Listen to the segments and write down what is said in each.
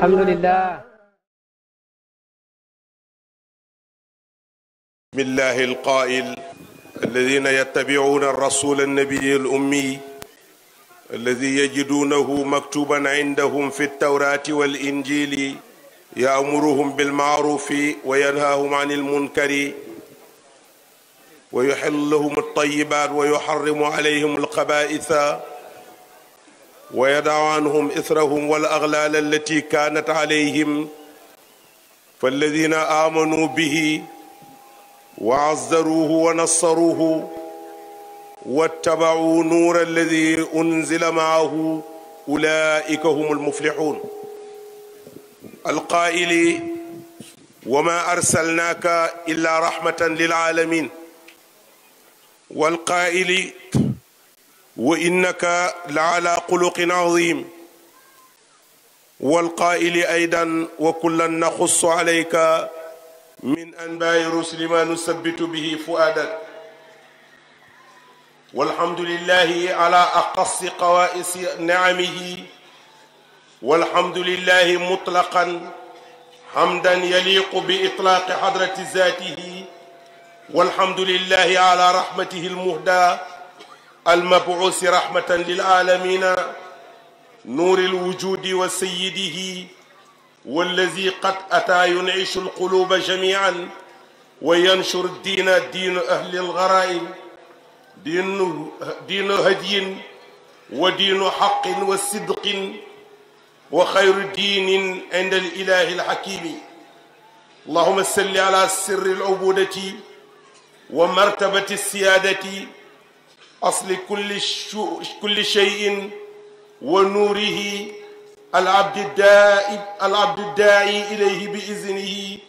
alhamdulillah بالله القائل الذين يتبعون الرسول النبي الأمي الذي يجدونه مكتوبا عندهم في التوراة والإنجيل يأمرهم بالمعروف وينهاهم عن المنكر ويحل لهم الطيبات ويحرم عليهم القبائث ويدع عنهم إثرهم والأغلال التي كانت عليهم فالذين آمنوا به وعزروه ونصروه واتبعوا نور الذي أنزل معه أولئك هم المفلحون القائل وما أرسلناك إلا رحمة للعالمين والقائل wa innaka la ala xuluqin azim walqaaili aydan wa kullan naxussu alayka min anbaai rusuli ma nusabitu bihi fuaadak walhamdulillahi ala aqassi qawaisi niamihi walhamdulillahi mutlaqan hamdan yaliqu bi itlaaqi xadrati zaatihi walhamdulillahi ala rahmatihi almuhda المبعوث رحمة للعالمين نور الوجود وسيده والذي قد أتى ينعش القلوب جميعا وينشر الدين دين أهل الغرائب دين, دين هدي ودين حق وصدق وخير دين عند الإله الحكيم اللهم صل على سر العبودة ومرتبة السيادة asli kulli kulli shay'in wa nuurihi alabdi daai alabdi daai ilayhi bi iznihi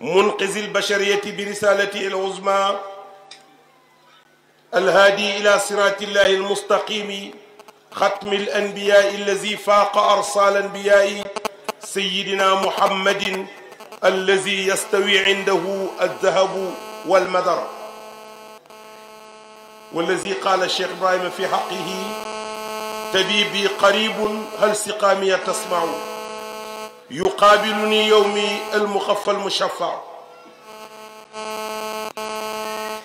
munqizi lbashariyati bi risalatihi aluzma alhaadi ila sirati llahi almustaqimi xatmi alanbiyai allazi faaqa arsal anbiyai sayidina muhammadin allazi yastawi indahu aldahabu walmadar wallazi qaala cheikh ibrahima fi xaqihi tabibi qaribun hal siqaamiya tasmau yuqaabiluni yowmi almuxafa almushafau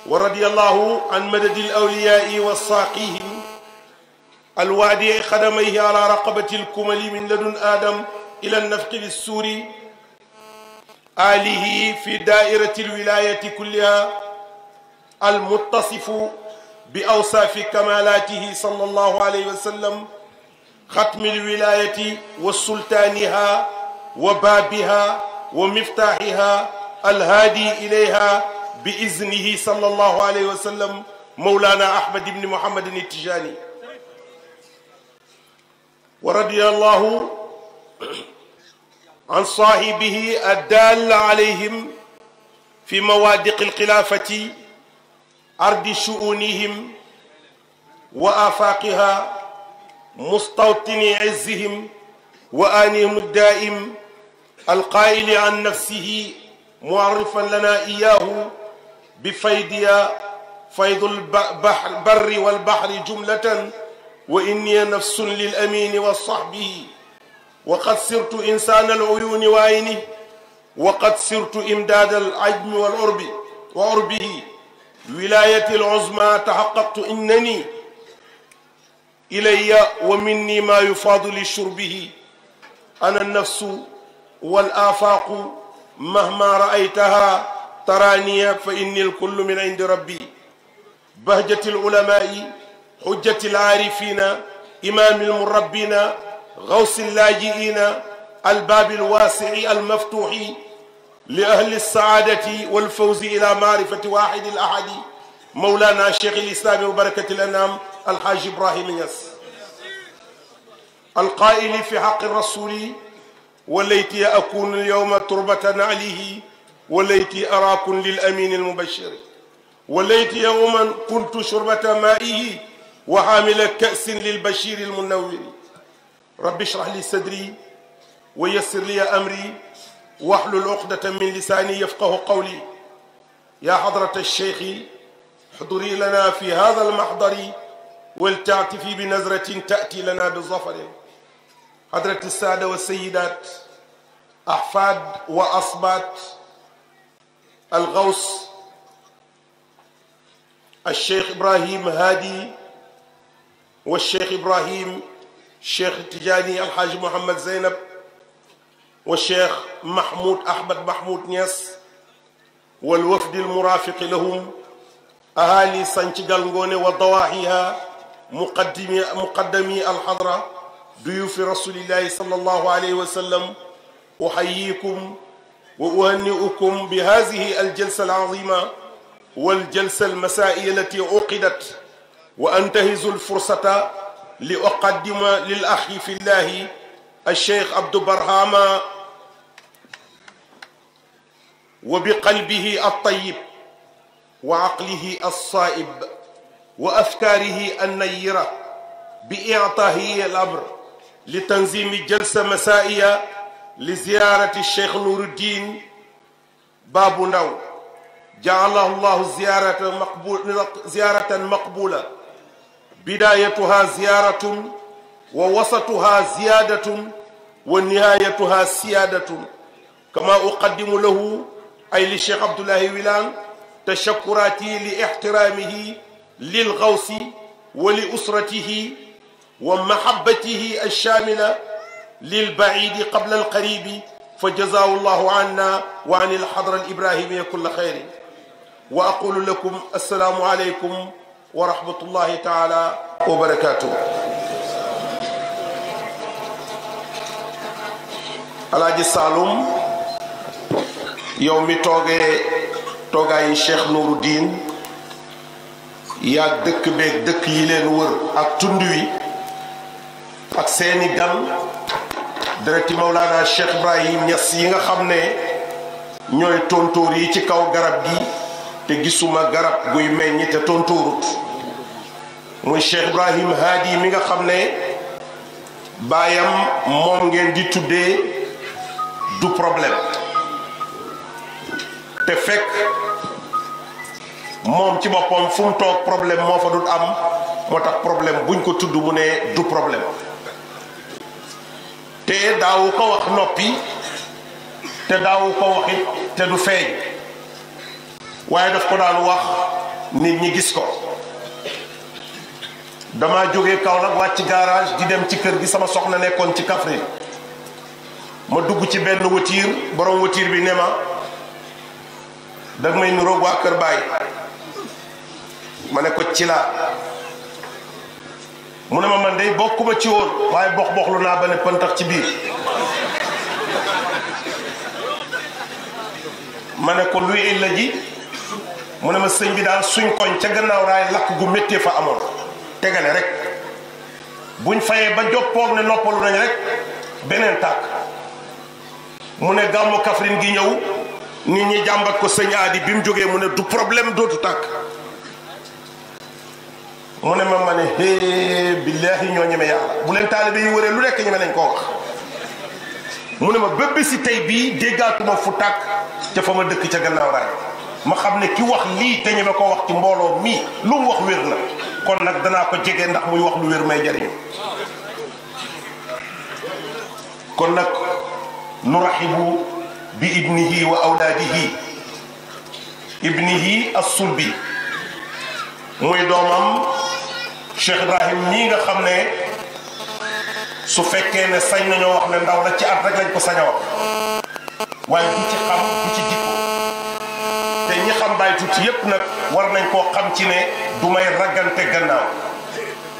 wa radiyallahu an madadi alawliyai wa saaqihim alwaadi xadamayhi ala raqabati alkumali min ladun adam ila alnafqi lissuuri alihi fi daairati alwilayati kulliha almuttasifu bi awsaafi kamalaatihi sallallahu alayhi wa sallam xatmil wilaayati wa sultaaniha wa baabiha wa miftaaxiha alhaadi ilayha bi iznihi sallallahu alayhi wa sallam mawlaana Ahmad ibni Muhammadin Tijaani wa radiyallahu an saahibihi addaal alayhim fi mawaadiqi alxilaafati ardi shu'unihim wa afaqiha mustawtini izzihim wa anihim daaim alqaa'ili an nafsihi muarrifan lana iyaahu bi faydiya faydul barri wal bahri jumlatan wa inni nafsun lil amini wa sahbihi wa qad sirtu insaana al uyuuni wa aynihi wa qad sirtu imdaada al ajmi wal urbi wa urbihi wilayati aluzma taxaqaqtu innani ilaya wa minni ma yufaadu li shurbihi ana nafsu wal afaaqu mahma raaytaha taraaniya fa inni alkullu min indi rabbi bahjati alulamai xujjati alaarifina imaami almurabbina gawsi allaajiina albaabi alwaasii almaftuuxi li ahli saadati wal fawzi ila maarifati waahidi al ahadi mawlaana cheikh al islaami wa barakati al anaam alxaaji Ibrahima Niass. alqaa'ili fi xaqi rasuuli wa layti akuunu al yawma turbatan alayhi wa layti araakun lil amiin al mubashir wa layti yawman kuntu shurbata maa'ihi wa haamila ka'sin lil bashir al munawwir rabbi shrah li sadri wa yassir li amri waxlul uqdata min lisaani yafqahu qawli yaa xadrata sheikhi xuduri lana fi hada almaxdari waltaatifi bi nazratin taati lana bi zafarin xadrati saada wa sayidaat ahfaad wa asbaat algaws alcheikh ibrahim haadi wa cheikh ibrahim cheikh tijaani alxaaji mohammad zeynab wa cheikh mahmoud ahmad mahmoud Niass wal wafdi almurafiqi lahum ahali Santhigual Ngoné wa dawaahiha muqaddimi muqaddami alxadra duyuufi rasulillahi sallallahu alayhi wa sallam uxayikum wa uhanni'ukum bi haadihi aljalsa alazima waljalsa almasaa'iya allati uqidat wa antahizu alfursata li uqaddima lil axi fi llahi الشيخ عبد برهام وبقلبه الطيب وعقله الصائب وأفكاره النيرة بإعطائه الأمر لتنظيم جلسة مسائية لزيارة الشيخ نور الدين باب نو جعله الله زيارة مقبول زيارة مقبولة بدايتها زيارة wa wasatuha ziyadatun wa nihayatuha siyadatun kama uqaddimu lahu ay li cheikh abdoulahi wilaan tashakuraati li ixtiraamihi lil gawsi wa li usratihi wa mahabbatihi alshamila lil baidi qabla alqaribi fa jazaahu llahu anna wa an alxadra alibrahimiya kulla xayrin wa aqulu lakum assalaamu aleykum wa rahmatullahi taala wa barakatuh alaaji Saloum yow mi toogee toogaayu Cheikh Nourou Diin yaag dëkk beeg dëkk yi leen wër ak tund wi ak seeni gan dereti Maulana Cheikh Ibrahim Niass yi nga xam ne ñooy tontóor yi ci kaw garab gi te gisuma garab guy meññ te tontóorut muy Cheikh Ibrahim Haadi mi nga xam ne baayam moom ngeen di tuddee du problème te fekk moom ci boppam fu mu toog problème moo fa dul am moo tax problème buñ ko tudd mu ne du problème te daawu ko wax noppi te daawu ko waxit te du feeñ waaye daf ko daan wax nit ñi gis ko dama jóge Kaolack wàcc garage di dem ci kër gi sama soxna nekkoon ci Kaffrine ma dugg ci benn watiir borom watiir bi ne ma dag may niroog waa Kër Baay ma ne ko ci laa mu ne ma man de bokkuma ci woon waaye box boxlu naa ba ne pëntax ci biir ma ne ko luy illa ji mu ne ma sëñ bi daal suñ koñ ca gannaaw raay lakk gu méttee fa amoon tegale rek buñ fayee ba joppoog ne noppalu nañ rek beneen tàkk mu ne gàmmu Kaffrine gi ñëw nit ñuy jàmbat ko sëñ aadi bi mu jógee mu ne du problème dootu tàkk mu ne ma ma ne hee eh, billaahi ñoo ñeme yàlla bu leen taalibe yi wëree lu nekk ne nañ koo wax mu ne ma bépp si tey bii déggaatuma fu tàkk ca fa ma dëkk ca gannaaw raay ma xam ne ki wax lii te ñeme ko wax ci mbooloo mii lu mu wax wér na kon nag danaa ko jege ndax muy wax lu wér may jariñu kon nag nurahibu bi ibnihi wa awlaadihi ibnihi as-sulbi muy doomam Cheikh Ibrahim ñii nga xam ne su fekkee ne sañ nañoo wax ne ndaw la ci at rek lañ ko sañ a wax waaye du ci xam ñi xam Baay Tuuti yépp nag war nañ koo xam ci ne du may raggante gannaaw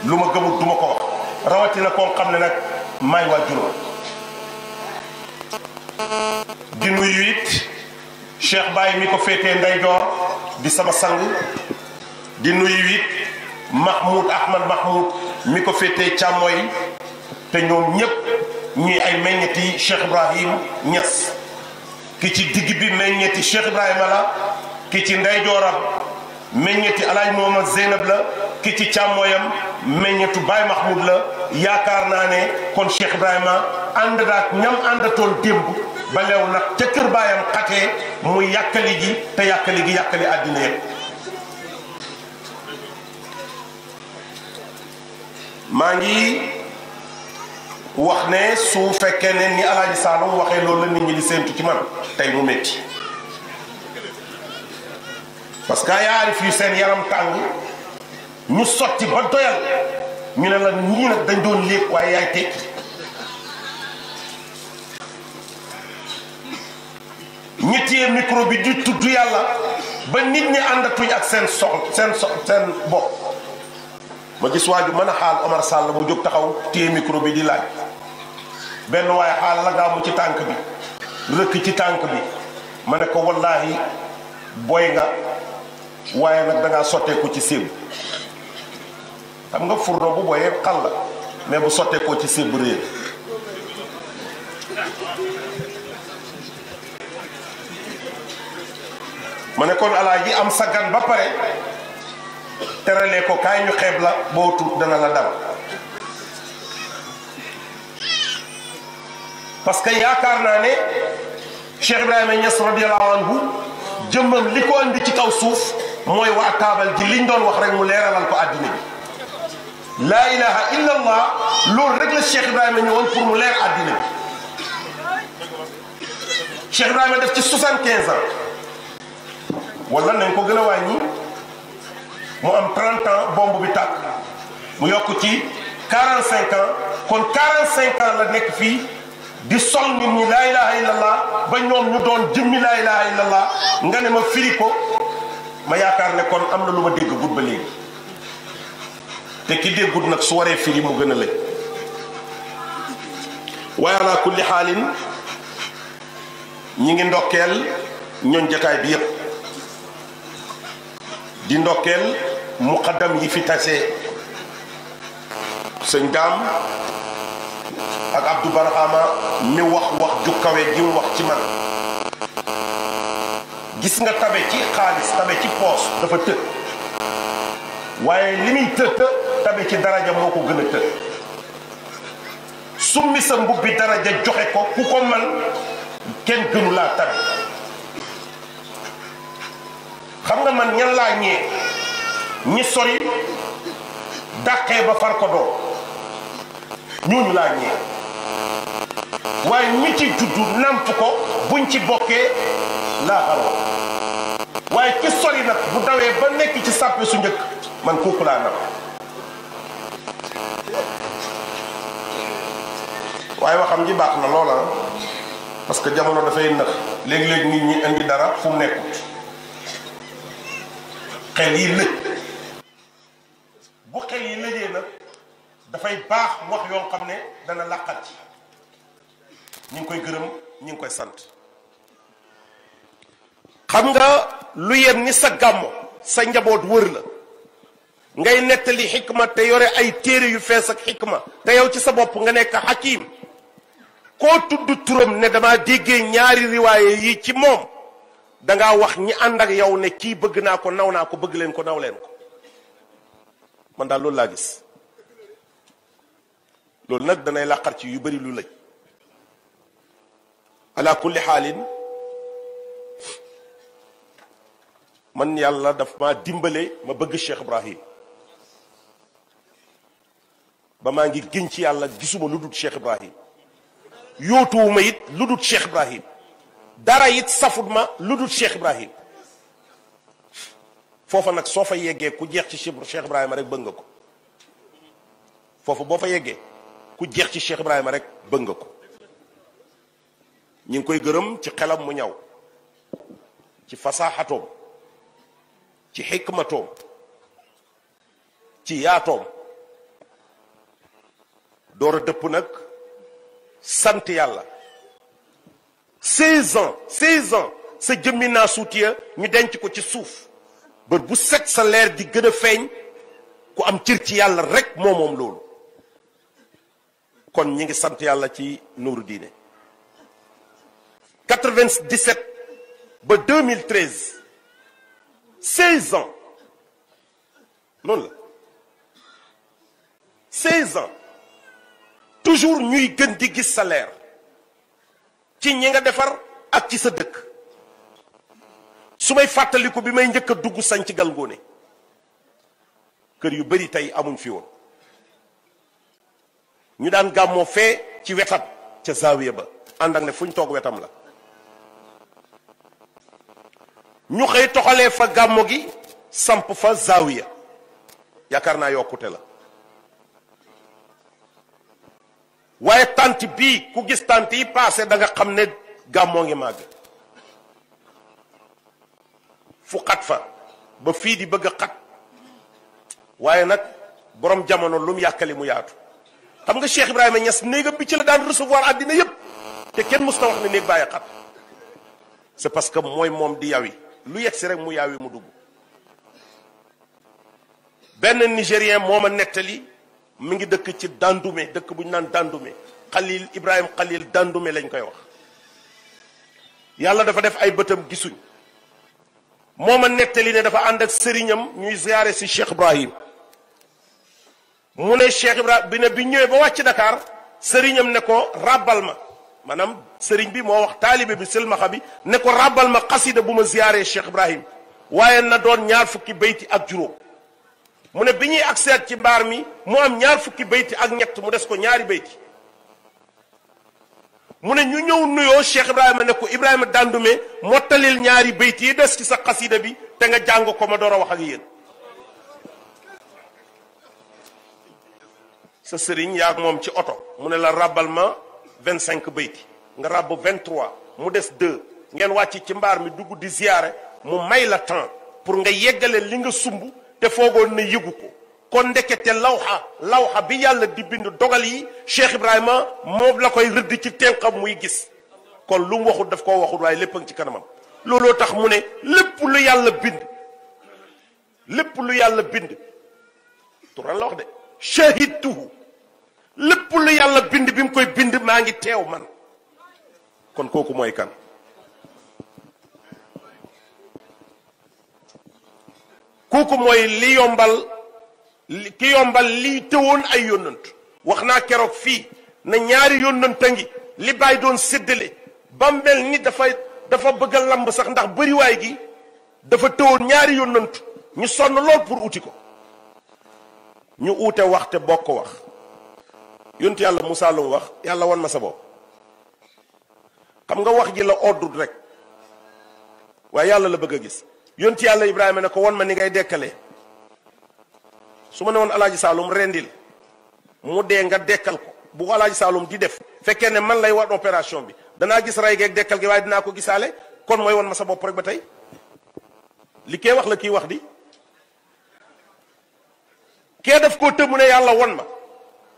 lu ma gëmut du ko wax rawatina koo xam ne nag may waa juróom di nuyu it Cheikh Baye mi ko féetee ndeyjoor di sama sang di nuyu it Mahmoud Ahmad Mahmoud mi ko féetee càmmooy te ñoom ñépp ñuy ay meññeti Cheikh Ibrahim Niass ki ci digg bi meññeti Cheikh Ibrahima la ki ci ndeyjooram meññeti alaaj Mohamad Zeynab la ki ci càmmooyam meññetu Baye Mahmoud la yaakaar naa ne kon Cheikh Ibrahima ànd daak ñam àndatoon démb ba leew nag ca kër baayam xatee mu yàkkali gi te yàkkali gi yàkkali àddina yëpp maa ngi wax ne su fekkee ne ni alaaji Saalum waxee loolu la nit ñi di séentu ci man tey mu métti parce que ay aarif yu seen yaram tàng ñu sotti ba doyal ñu ne la ñii nag dañ doon lépp waaye yaay tekki ñi téye micro bi di tudd yàlla ba nit ñi àndatuñ ak seen sox seen sox seen bopp ma gis waa ju mën a xaal Omar Sall mu jóg taxaw téye micro bi di laaj benn waaye xaal la ci tànk bi rëkk ci tànk bi ma ne ko wallaahi boy nga waaye nag da sotteeku ci siib xam nga furno bu boyee xal la mais bu sotteekoo ci siib réer ma nekkoon kon alaa ji am saggan ba pare teralee ko kaay ñu xeeb la bootu dana la dal parce que yaakaar naa ne Cheikh Ibrahima Niass radiyallahu anhu jëmmam li ko andi ci kaw suuf mooy waa taabal ji liñ doon wax rek mu leeralal ko addina bi laa ilaha illa loolu rek la Cheikh Ibrahima ñëwoon pour mu leer addina bi Cheikh Ibrahima def ci 75 ans wala nañ ko gën a wàññi mu am 30 ans bomb bi tàkk mu yokk ci 45 ans kon 45 ans la nekk fii di sol nit ñi laa ilaha ba ñoom ñu doon jëmmi laa ilaha nga ne ma firi ko ma yaakaar ne kon am na lu ma dégg gut ba léegi te ki déggut nag su waree firi mu gën a lëj waaye ala kulli xaalin ñi ngi ndokkeel ñoñ jataay bi yépp di ndokkeel muqaddam yi fi tase sëñ daam ak Abdou Barhama mi wax wax ju kawe ji mu wax ci man gis nga tabe ci xaalis tabe ci poos dafa të waaye li muy të të tabe ci daraja moo ko gën a të summi sa mbubbi daraja joxe ko ku ko man kenn gënu laa tabe xam nga man ñan laa ñee ñi sori dàqee ba far ko doon laa ñee waaye ñi ci juddu nàmp ko buñ ci bokkee laa waaye ki sori nag bu dawee ba nekk ci sàppe su njëkk man kooku laa nag waaye waxam ji baax na loola ah. parce que jamono dafay nax léegi-léegi nit ñi indi dara fu mu nekkut xel yi lëj bu xel yi lëjee nag dafay baax wax yoo xam ne dana làqat ci ñu ngi koy gërëm ñu ngi koy sant xam nga lu yem ni sa gàmmo sa njaboot wër la ngay nettali xikma te yore ay téere yu fees ak xikma te yow ci sa bopp nga nekk xakiim koo tudd turam ne dama déggee ñaari riwaaye yi ci moom danga wax ñi ànd ak yow ne kii bëgg naa ko naw naa ko bëgg leen ko naw leen ko man daal loolu laa gis loolu nag danay làqar ci yu bari lu lëj ala kulli xaalin man yàlla daf ma dimbale ma bëgg Cheikh Ibrahim ba maa ngi gën ci yàlla gisuma lu dul Cheikh Ibrahim yootuwuma it lu dul Ibrahim dara it safut ma lu dul Ibrahim foofa nag soo fa yeggee ku jeex ci Cheikh Ibrahima rek bëgg nga ko foofu boo fa yeggee ku jeex ci Cheikh Ibrahima rek bëgg nga ko ñu ngi koy gërëm ci xelam mu ñaw ci fasaaxatoom ci xikmatoom ci yaatoom doora dëpp nag sant yàlla seize ans seize ans sa jëmmi naa suutiya ñu denc ko ci suuf bër bu set sa leer di gën a feeñ ku am cër ci yàlla rekk moo moom loolu kon ñu ngi sant yàlla ci nuuru diine 97 ba 2013 seize ans noonu la seize ans toujours ñuy gën di gis sa leer ci ñi nga defar ak ci sa dëkk su may fàttaliku bi may njëkka dugg sañ gal galgoone kër yu bari tey amuñ fi woon ñu daan gàmmoo fee ci wetam ca zaawiya ba ànd ak ne fu ñu toog wetam la ñu xëy toxalee fa gàmmu gi samp fa zaawiya yaakaar naa yokkute la waaye tant bii ku gis tant yi paase da nga xam ne gàmmoo ngi màgg fu xat fa ba fii di bëgg a xat waaye nag borom jamono lu mu yàkkali mu yaatu xam nga Cheikh Ibrahima ñas néegam bi ci la daan recevoir àddina yépp te kenn mës na wax ne néeg bàyyi xat c'est parce que mooy moom di yawi lu yegg si rek mu yaawi mu dugg benn nigérien moo ma nettali mu ngi dëkk ci dàndume dëkk bu ñu naan dàndume Khalil Ibrahim Khalil Dandume lañ koy wax yàlla dafa def ay bëtam gisuñ moo ma nettali ne dafa ànd ak sëriñam ñuy ziyaare si Cheikh Ibrahim mu ne Cheikh Ibrahim bi ne bi ñëwee ba wàcc Dakar sëriñam ne ko ràbbal ma maanaam sëriñ bi moo wax taalibe bi sëlmaxa bi ne ko ràbbal ma xasida bu ma ziyaaree Cheikh Ibrahim waaye na doon ñaar fukki bayti ak juróom mu ne bi ñuy agseet ci mbaar mi mu am ñaar fukki bayti ak ñett mu des ko ñaari bayti mu ne ñu ñëw nuyoo Cheikh Ibrahima ne ko Ibrahima Dandume mottalil ñaari bayti yi des ci sa xasida bi te nga jàng ko ma door a wax ak yéen sa sëriñ yaa moom ci oto mu ne la ràbbal ma vingt cinq bayti nga ràbb 23 mu des 2 ngeen wàcc ci mbaar mi dugg di ziyaare mu may la temps pour nga yeggale li nga sumb te foogoon na yëgu ko kon ndekete lawxa lawxa bi yàlla di bind dogal yi Cheikh Ibrahima moom la koy rëdd ci tenqam muy gis kon lu mu waxut daf koo waxut waaye lépp a ngi ci kanamam looloo tax mu ne lépp lu yàlla bind lépp lu yàlla bind turan la wax de shahidtuhu lépp lu yàlla bind bi mu koy bind maa ngi teew man kon kooku mooy kan kooku mooy li yombal ki yombal liy tëwoon ay yónnant wax naa keroog fii na ñaari yónnant a ngi li bàyyi doon séddale ba mel ni dafa dafa bëgg a lamb sax ndax bëriwaay gi dafa tëwoon ñaari yónnant ñu sonn lool pour uti ko ñu uute waxte bokk wax yontu yàlla Musaa lu wax yàlla wan ma sa bopp xam nga wax ji la oddut rek waaye yàlla la bëgg a gis yoon ci yàlla Ibrahima ne ko won ma ni ngay dekkalee su ma ne woon alaaji saalum rendil mu dee nga dekkal ko bu ko alaaji saalum di def fekkee ne man lay wat opération bi danaa gis rey gee dekkal gi waaye dinaa ko gisaale kon mooy won ma sa bopp rek ba tey li kee wax la kii wax di kee daf koo tëb ne yàlla won ma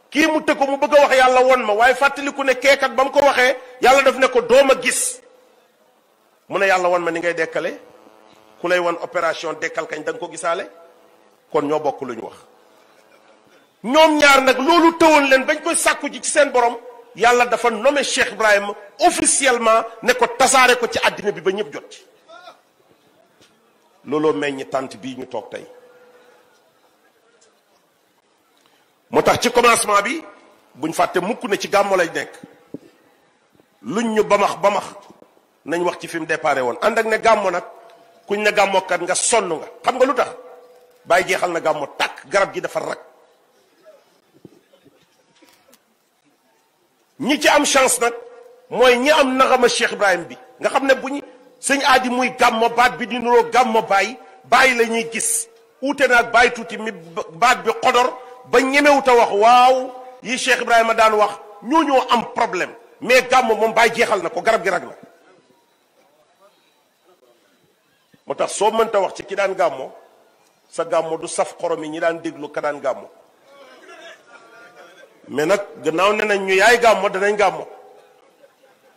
kii mu ko mu bëgg a wax yàlla won ma waaye fàttaliku ne keekat ba mu ko waxee yàlla daf ne ko doom a gis mu ne yàlla won ma ni ngay dekkale ku lay won opération dekkal kañ da ko gisaale kon ñoo bokk lu ñu wax ñoom ñaar nag loolu tëwoon leen bañ koy sàkku ji ci seen borom yàlla dafa nommé Cheikh Ibrahima officiellement ne ko tasaare ko ci àddina bi ba ñëpp jot looloo meññi tànt bii ñu toog tey moo tax ci commencement bi buñ fàtte mukk na ci gàmmu lañ nekk luñ ñu bamax bamax nañ wax ci fi mu déparé woon ànd ak ne gàmmu nag kuñ ne gàmmookat nga sonn nga xam nga lu tax bàyyi jeexal na gàmmu tàkk garab gi dafa rak ñi ci am chance nag mooy ñi am naxama Cheikh Ibrahim bi nga xam ne bu ñu sëñ aadi muy gàmmo baat bi di nuroo gàmmo bàyyi bàyyi la ñuy gis uute naag bàyyi tuuti mi baat bi xodor ba ñemewut a wax waaw yi Cheikh Ibrahima daan wax ñoo ñoo am problème mais gàmm moom baay jeexal na ko garab gi rag na moo tax soo mënta wax ci ki daan gàmmoo sa gàmmo du saf xorom yi ñi daan déglu ka daan gàmmo mais nag gannaaw ne nañ ñu yaay gàmmoo danañ gàmmo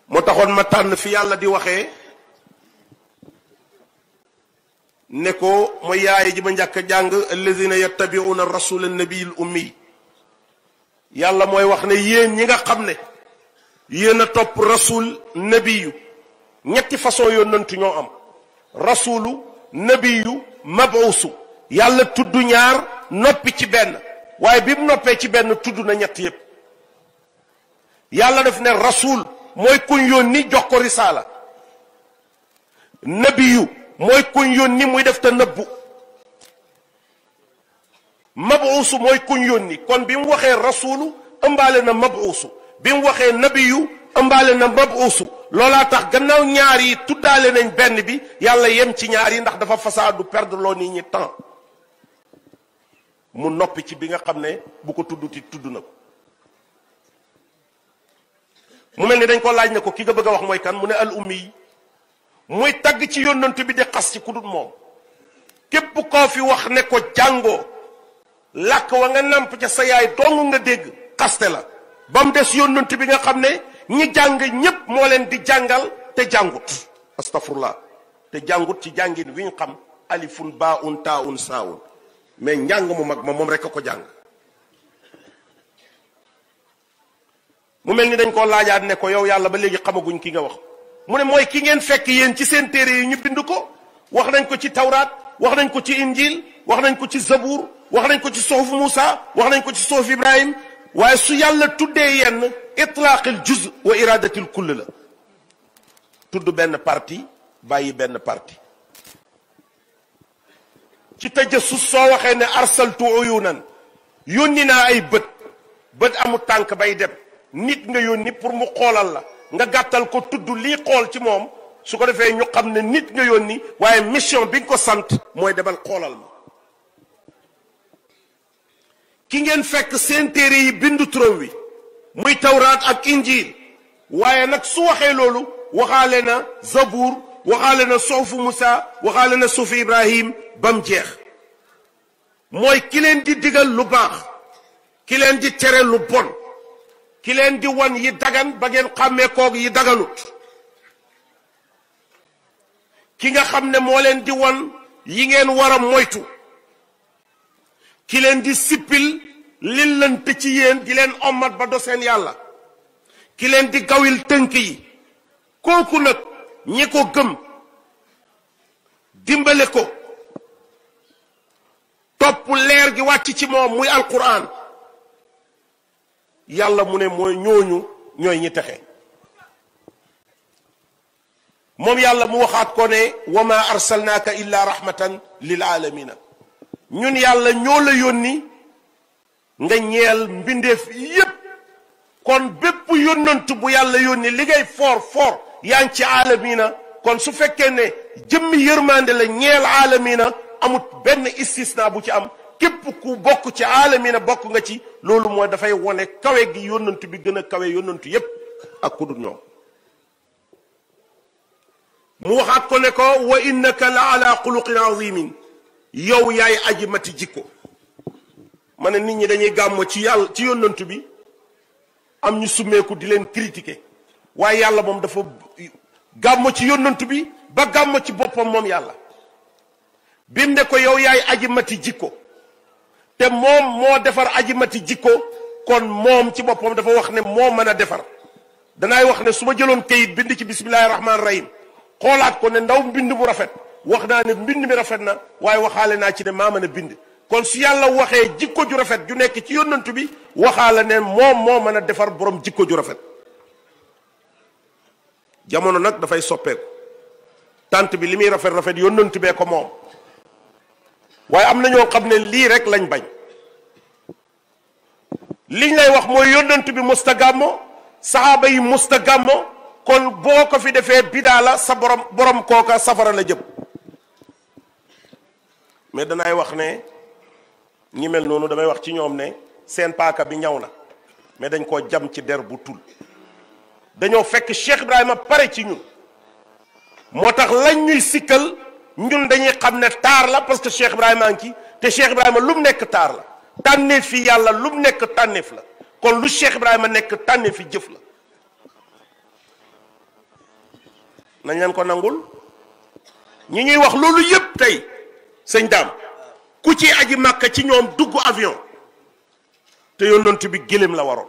moo taxoon ma tànn fi yàlla di waxee ne ko mooy yaaye ji ma njàkk a jàng allazina yattabi'una rasul annabi al ummi yàlla mooy wax ne yéen ñi nga xam ne yéen a topp rasul nabiyu ñetti façon yonent ñoo am rasulu nabiyu mabuusu yàlla tudd ñaar noppi ci benn waaye bi mu noppee ci benn tudd na ñett yépp yàlla def ne rasuul mooy kuñ yónni jox ko risaala nabiyu mooy kuñ yónni muy def te nëbbu mabuusu mooy kuñ yónni kon bi mu waxee rasuulu ëmbaale na mabuusu bi mu waxee nabiyu ëmbaale na mabuusu loolaa tax gannaaw ñaar yi tuddaale nañ benn bi yàlla yem ci ñaar yi ndax dafa fasaadu perdre loo nit ñi temps mu noppi ci bi nga xam ne bu ko tudduti tudd na ko mu mel ni dañ ko laaj ne ko ki nga bëgg a wax mooy kan mu ne al ummi muy tagg ci yónnant bi di xas ci ku dul moom képp koo fi wax ne ko jàngoo làkk wa nga nàmp ca sa yaay dong nga dégg xaste la ba mu des yónnant bi nga xam ne ñi jàng ñépp moo leen di jàngal te jàngut astafurlah te jàngut ci jàngin wi ñu xam alifun baaun taaun saawun mais njàng mu mag ma moom rek a ko jàng mu mel ni dañ koo laajaat ne ko yow yàlla ba léegi xamaguñ ki nga wax mu ne mooy ki ngeen fekk yéen ci seen téere yi ñu bind ko wax nañ ko ci tawraat wax nañ ko ci injil wax nañ ko ci zabuur wax nañ ko ci suhuf Muusa wax nañ ko ci suhuf Ibrahim waaye su yàlla tuddee yenn itlaaqil juz wa iradatil kull la tudd benn parti bàyyi benn parti ci tajassus soo waxee ne arsaltu uyunan yónni naa ay bët bët amul tànk bay dem nit nga yónni pour mu xoolal la nga gàttal ko tudd lii xool ci moom su ko defee ñu xam ne nit nga yoon yónni waaye mission bi nga ko sant mooy demal xoolal ma ki ngeen fekk seen téere yi bindu turam wi muy tawraat ak injiil waaye nag su waxee loolu waxaale na zabuur waxaale na suufu Musa waxaale na suufu Ibrahim ba mu jeex mooy ki leen di digal lu baax ki leen di tere lu bon ki leen di won yi dagan ba ngeen xàmmeekook yi daganut ki nga xam ne moo leen di won yi ngeen war a moytu ki leen di sippil lin ci yéen di leen ommat ba do yàlla ki leen di gawil tënk yi kooku nag ñi ko gëm dimbale ko topp leer gi wàcc ci moom muy alquran yàlla mu ne mooy ñooñu ñooy ñi texe moom yàlla mu waxaat ko ne wa ma arsalnaaka illa rahmatan lil alamina ñun yàlla ñoo la yónni nga ñeel mbindeef yépp kon bépp yónnant bu yàlla yónni li ngay foor foor yaa ngi ci alamina kon su fekkee ne jëmmi yërmande la ñeel alamina amut benn istisna bu ci am képp ku bokk ci na bokk nga ci loolu mooy dafay wone kawe gi yónnantu bi gën a kawe yónnantu yépp ak ku dul ñoom mu waxaat ko ne ko wa innaka la ala xuluqin azimin yow yaay aji mati jikko ma ne nit ñi dañuy gàmmo ci yàlla ci yónnantu bi am ñu summeeku di leen critiquer waaye yàlla moom dafa gàmmo ci yónnantu bi ba gàmmo ci boppam moom yàlla bim ne ko yow yaay aji mati jikko te moom moo defar ajimati jikko kon moom ci boppam dafa wax ne moo mën a defar danaay wax ne su ma jëloon kayit bind ci bismillahi rahmaani rahim xoolaat ko ne ndaw mbind mu rafet wax naa ne mbind mi rafet na waaye waxaale naa ci ne maa mën a bind kon su yàlla waxee jikko ju rafet ju nekk ci yónnantu bi waxaale ne moom moo mën a defar borom jikko ju rafet jamono nag dafay soppeeku tànt bi li muy rafet rafet yónnantu bee ko moom waaye am na ñoo xam ne lii rek lañ bañ liñ lay wax mooy yónnant bi musta gàmmo saxaaba yi musta gàmmo kon boo ko fi defee bidaa la sa borom borom kooka safara la jëm mais danaay wax ne ñi mel noonu damay wax ci ñoom ne seen paaka bi ñaw na mais dañ koo jam ci der bu tul dañoo fekk Cheikh Ibrahima pare ci ñun moo tax lañ ñuy sikkal ñun dañuy xam ne taar la parce que Cheikh Ibrahima ngi ci te Cheikh Ibrahima lu mu nekk taar la tànneef fi yàlla lu mu nekk tànneef la kon lu Cheikh Ibrahima nekk tànneef fi jëf la nañ leen ko nangul ñi ñuy wax loolu yépp tey sëñ daam ku ci aji màkka ci ñoom dugg avion te yonent bi gëléem la waroon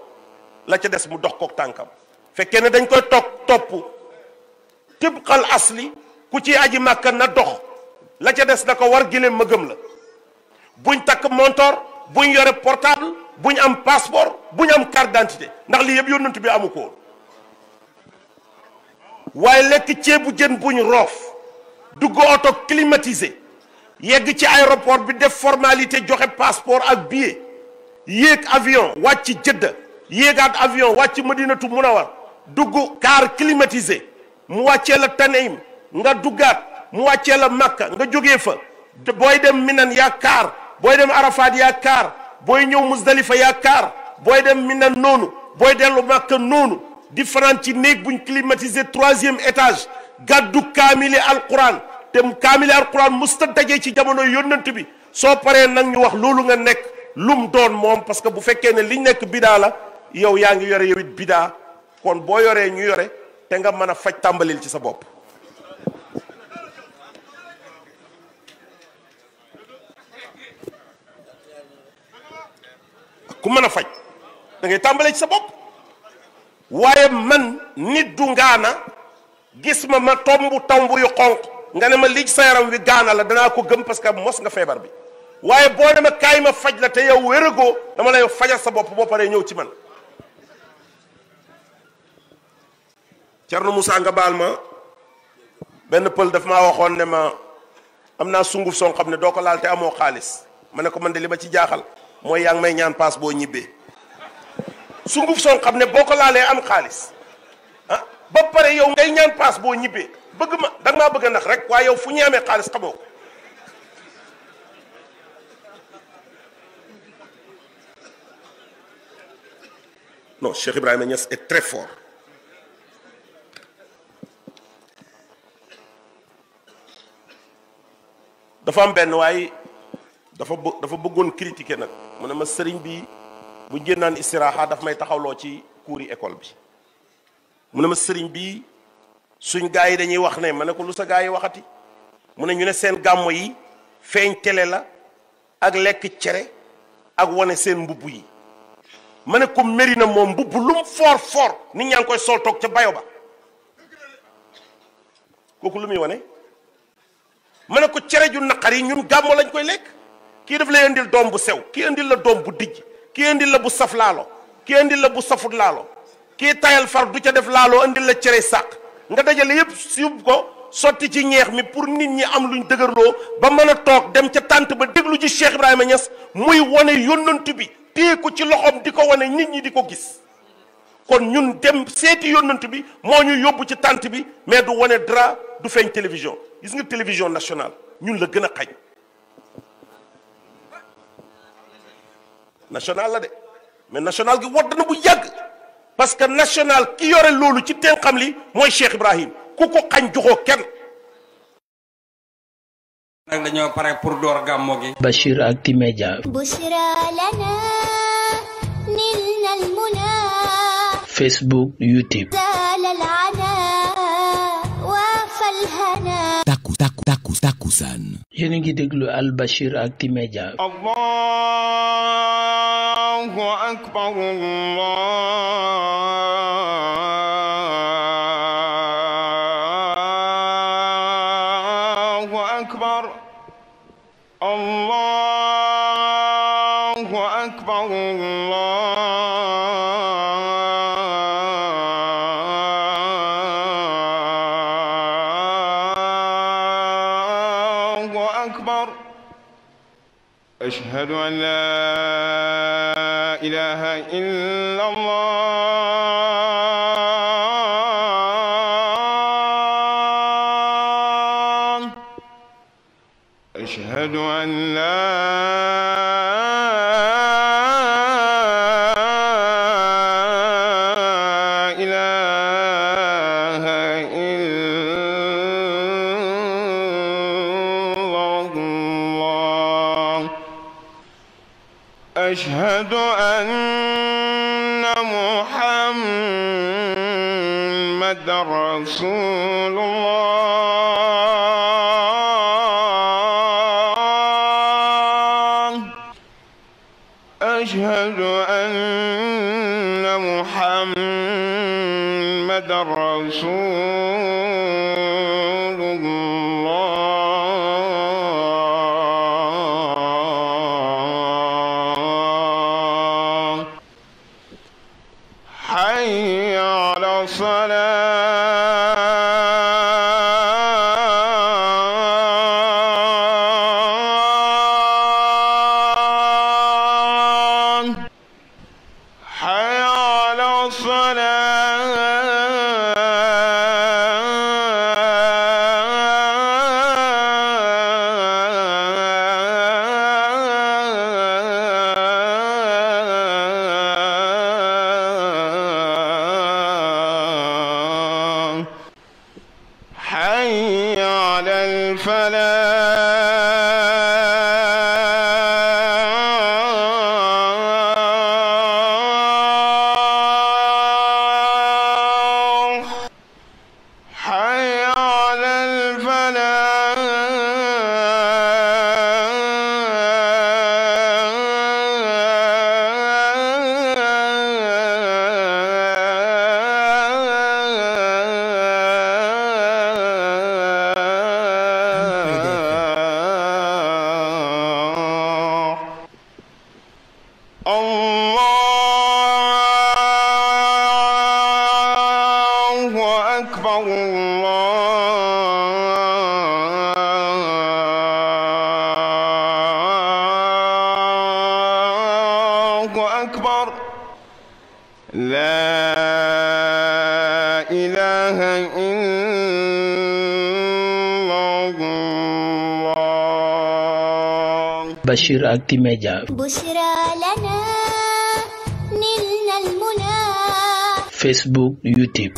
la ca des mu dox kook tànkam fekkee ne dañ koy toog topp tibqal asli ku ci aji màkka na dox la ca des na ko war gileem ma la buñ takk montor buñ yore portable buñ am passeport buñ am carte d'identité ndax li yëpp yónnent bi amu ko waaye lekk ceebu jën buñ roof dugg oto climatisé yegg ci aéroport bi def formalité joxe passeport ak billet yéeg avion wàcc jëdda yéegaat avion wàcc a war dugg car climatisé mu wàccee la Taneim nga duggaat mu wàccee la Makka nga jóge fa booy dem Minan yaa booy dem Arafat yaa booy ñëw Musdalifa yaa kaar booy dem Minan noonu booy dellu Makka noonu di fanaan ci néeg buñ climatisé troisième étage gàddu kaamili alquran te kaamili alquran musta dajee ci jamono yónnant bi soo paree nag ñu wax loolu nga nekk lum doon moom parce que bu fekkee ne liñ nekk bidaa la yow yaa ngi yore yow it bidaa kon boo yoree ñu yore te nga mën a faj tàmbalil ci sa bopp ku mën a faj dangay ngay tàmbalee sa bopp waaye man nit du ngaana gis ma ma tomb tomb yu xonq nga ne ma lii sa yaram wi gaana la danaa ko gëm parce que mos nga feebar bi waaye boo ne ma kaay ma faj la te yow wéragoo dama lay fajal sa bopp boo paree ñëw ci man Cerno Moussa nga baal ma benn pël daf maa waxoon ne ma am naa sunguf soo xam ne doo ko laal te amoo xaalis ma ne ko man de li ma ci jaaxal mooy yaa ngi may ñaan paas boo ñibbee sunguf soon xam ne boo ko laalee am xaalis ah ba pare yow ngay ñaan paas boo ñibbee bëgg ma da nga maa bëgg a nax rek waaye yow fu ñu amee xaalis xamoo ko non Cheikh Ibrahima Niass est très fort dafa am benn waaye dafa bë dafa bëggoon critiquer nag mu ne ma sëriñ bi bu génnaan istiraaxa dafa may taxawloo ci kuuri école bi mu ne ma sëriñ bi suñ gaa yi dañuy wax ne ma ne ko lu sa gaa yi waxati mu ne ñu ne seen gàmmoo yi feeñ tele la ak lekk cere ak wane seen mbubb yi ma ne ko méri na moom mbubb lum foor foor nit ñaa ngi koy sol toog ca bayo ba kooku lu muy wane ma ne ko cere ju naqar yi ñun gàmmo lañ koy lekk kii daf lay indil doom bu sew kii indil la doom bu dijj kii indil la bu saf laalo kii indil la bu safut laalo kii tayal far du ca def laalo indil la cere sàq nga dajale yëpp yóbbu ko sotti ci ñeex mi pour nit ñi am lu ñu dëgërloo ba mën a toog dem ca tànt ba déglu ci Cheikh Ibrahima ñas muy wane yónnant bi téye ko ci loxoom di ko wane nit ñi di ko gis kon ñun dem seeti yónnant bi moo ñu yóbbu ci tànt bi mais du wane dara du feeñ télévision gis nga télévision nationale ñun la gën a xañ national la de mais national gi wadd na bu yàgg parce que national ki yore loolu ci teen xam li mooy Cheikh Ibrahim ku ko xañ joxoo kenn nag dañoo gàmmo gi Bachir Actu Bushra lana nilna al Facebook YouTube takku takku takkusaan yéen a ngi déglu Al Bachir Actu-Media Allahu akbar Allah Bachir Actimedia Facebook YouTube nit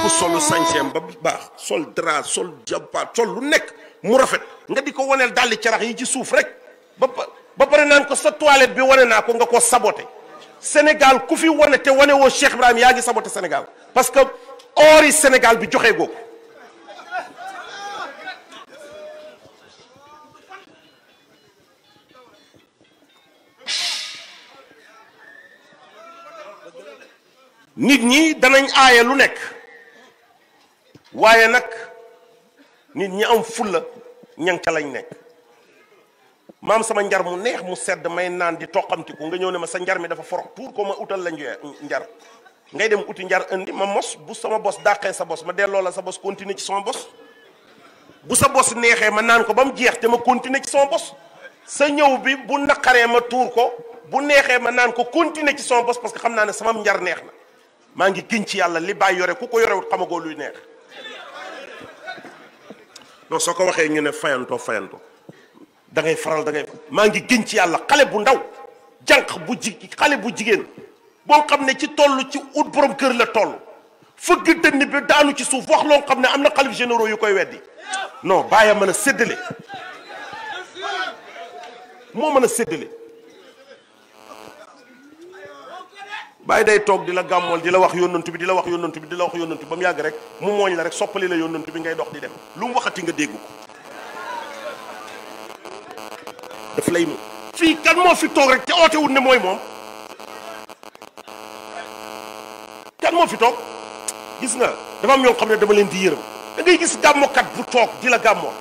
ku solu sañseem ba baax sol drap sol jàppaat sol nekk mu rafet nga di ko waneel dàlli carax yi ci suuf rek ba ba pare naan ko sa toilette bi wane naa ko nga ko saboté Sénégal ku fi wane te wane woo Ibrahim yaa ngi saboté Sénégal parce que Sénégal bi joxe goo nit ñi danañ aaye lu nekk waaye nag nit ñi am fulla ñan ca lañ nekk maam sama njar mu neex mu sedd may naan di toqamtiku nga ñëw ne ma sa njar mi dafa forox tuur ko ma utal la njar ngay dem uti njar indi ma mos bu sama bos dàqee sa bos ma delloo la sa bos continuer ci sama bos bu sa bos neexee ma naan ko ba mu jeex te ma continuer ci sama bos sa ñëw bi bu naqaree ma tuur ko bu neexee ma naan ko continuer ci sama bos parce que xam naa ne sama njar neex na maa ngi giñ ci yàlla li bàyyi yore ku ko yorewut xamagoo luy neex non soo ko waxee ñu ne fayantoo fayantoo dangay ngay faral da ngay maa ngi giñ ci yàlla xale bu ndaw jànq bu ji xale bu jigéen boo xam ne ci toll ci ut borom kër la toll fëgg dënn bi daanu ci suuf wax loo xam ne am na xalif généraux yu koy weddi non bàyyi mën a séddale moo mën a séddale bàyyi day toog di la gàmmool di la wax yónnantu bi di la wax yónnantu bi di la wax yónnantu bi ba mu yàgg rek mu mooñ la rek soppali la yónnantu bi ngay dox di dem lu mu waxati nga dégg ko lay fii kan moo fi toog rek te ootewut ne mooy moom kan moo fi toog gis nga dafa am ñoo xam ne dama leen di yërëm da ngay gis gàmmokat bu toog di la gàmmool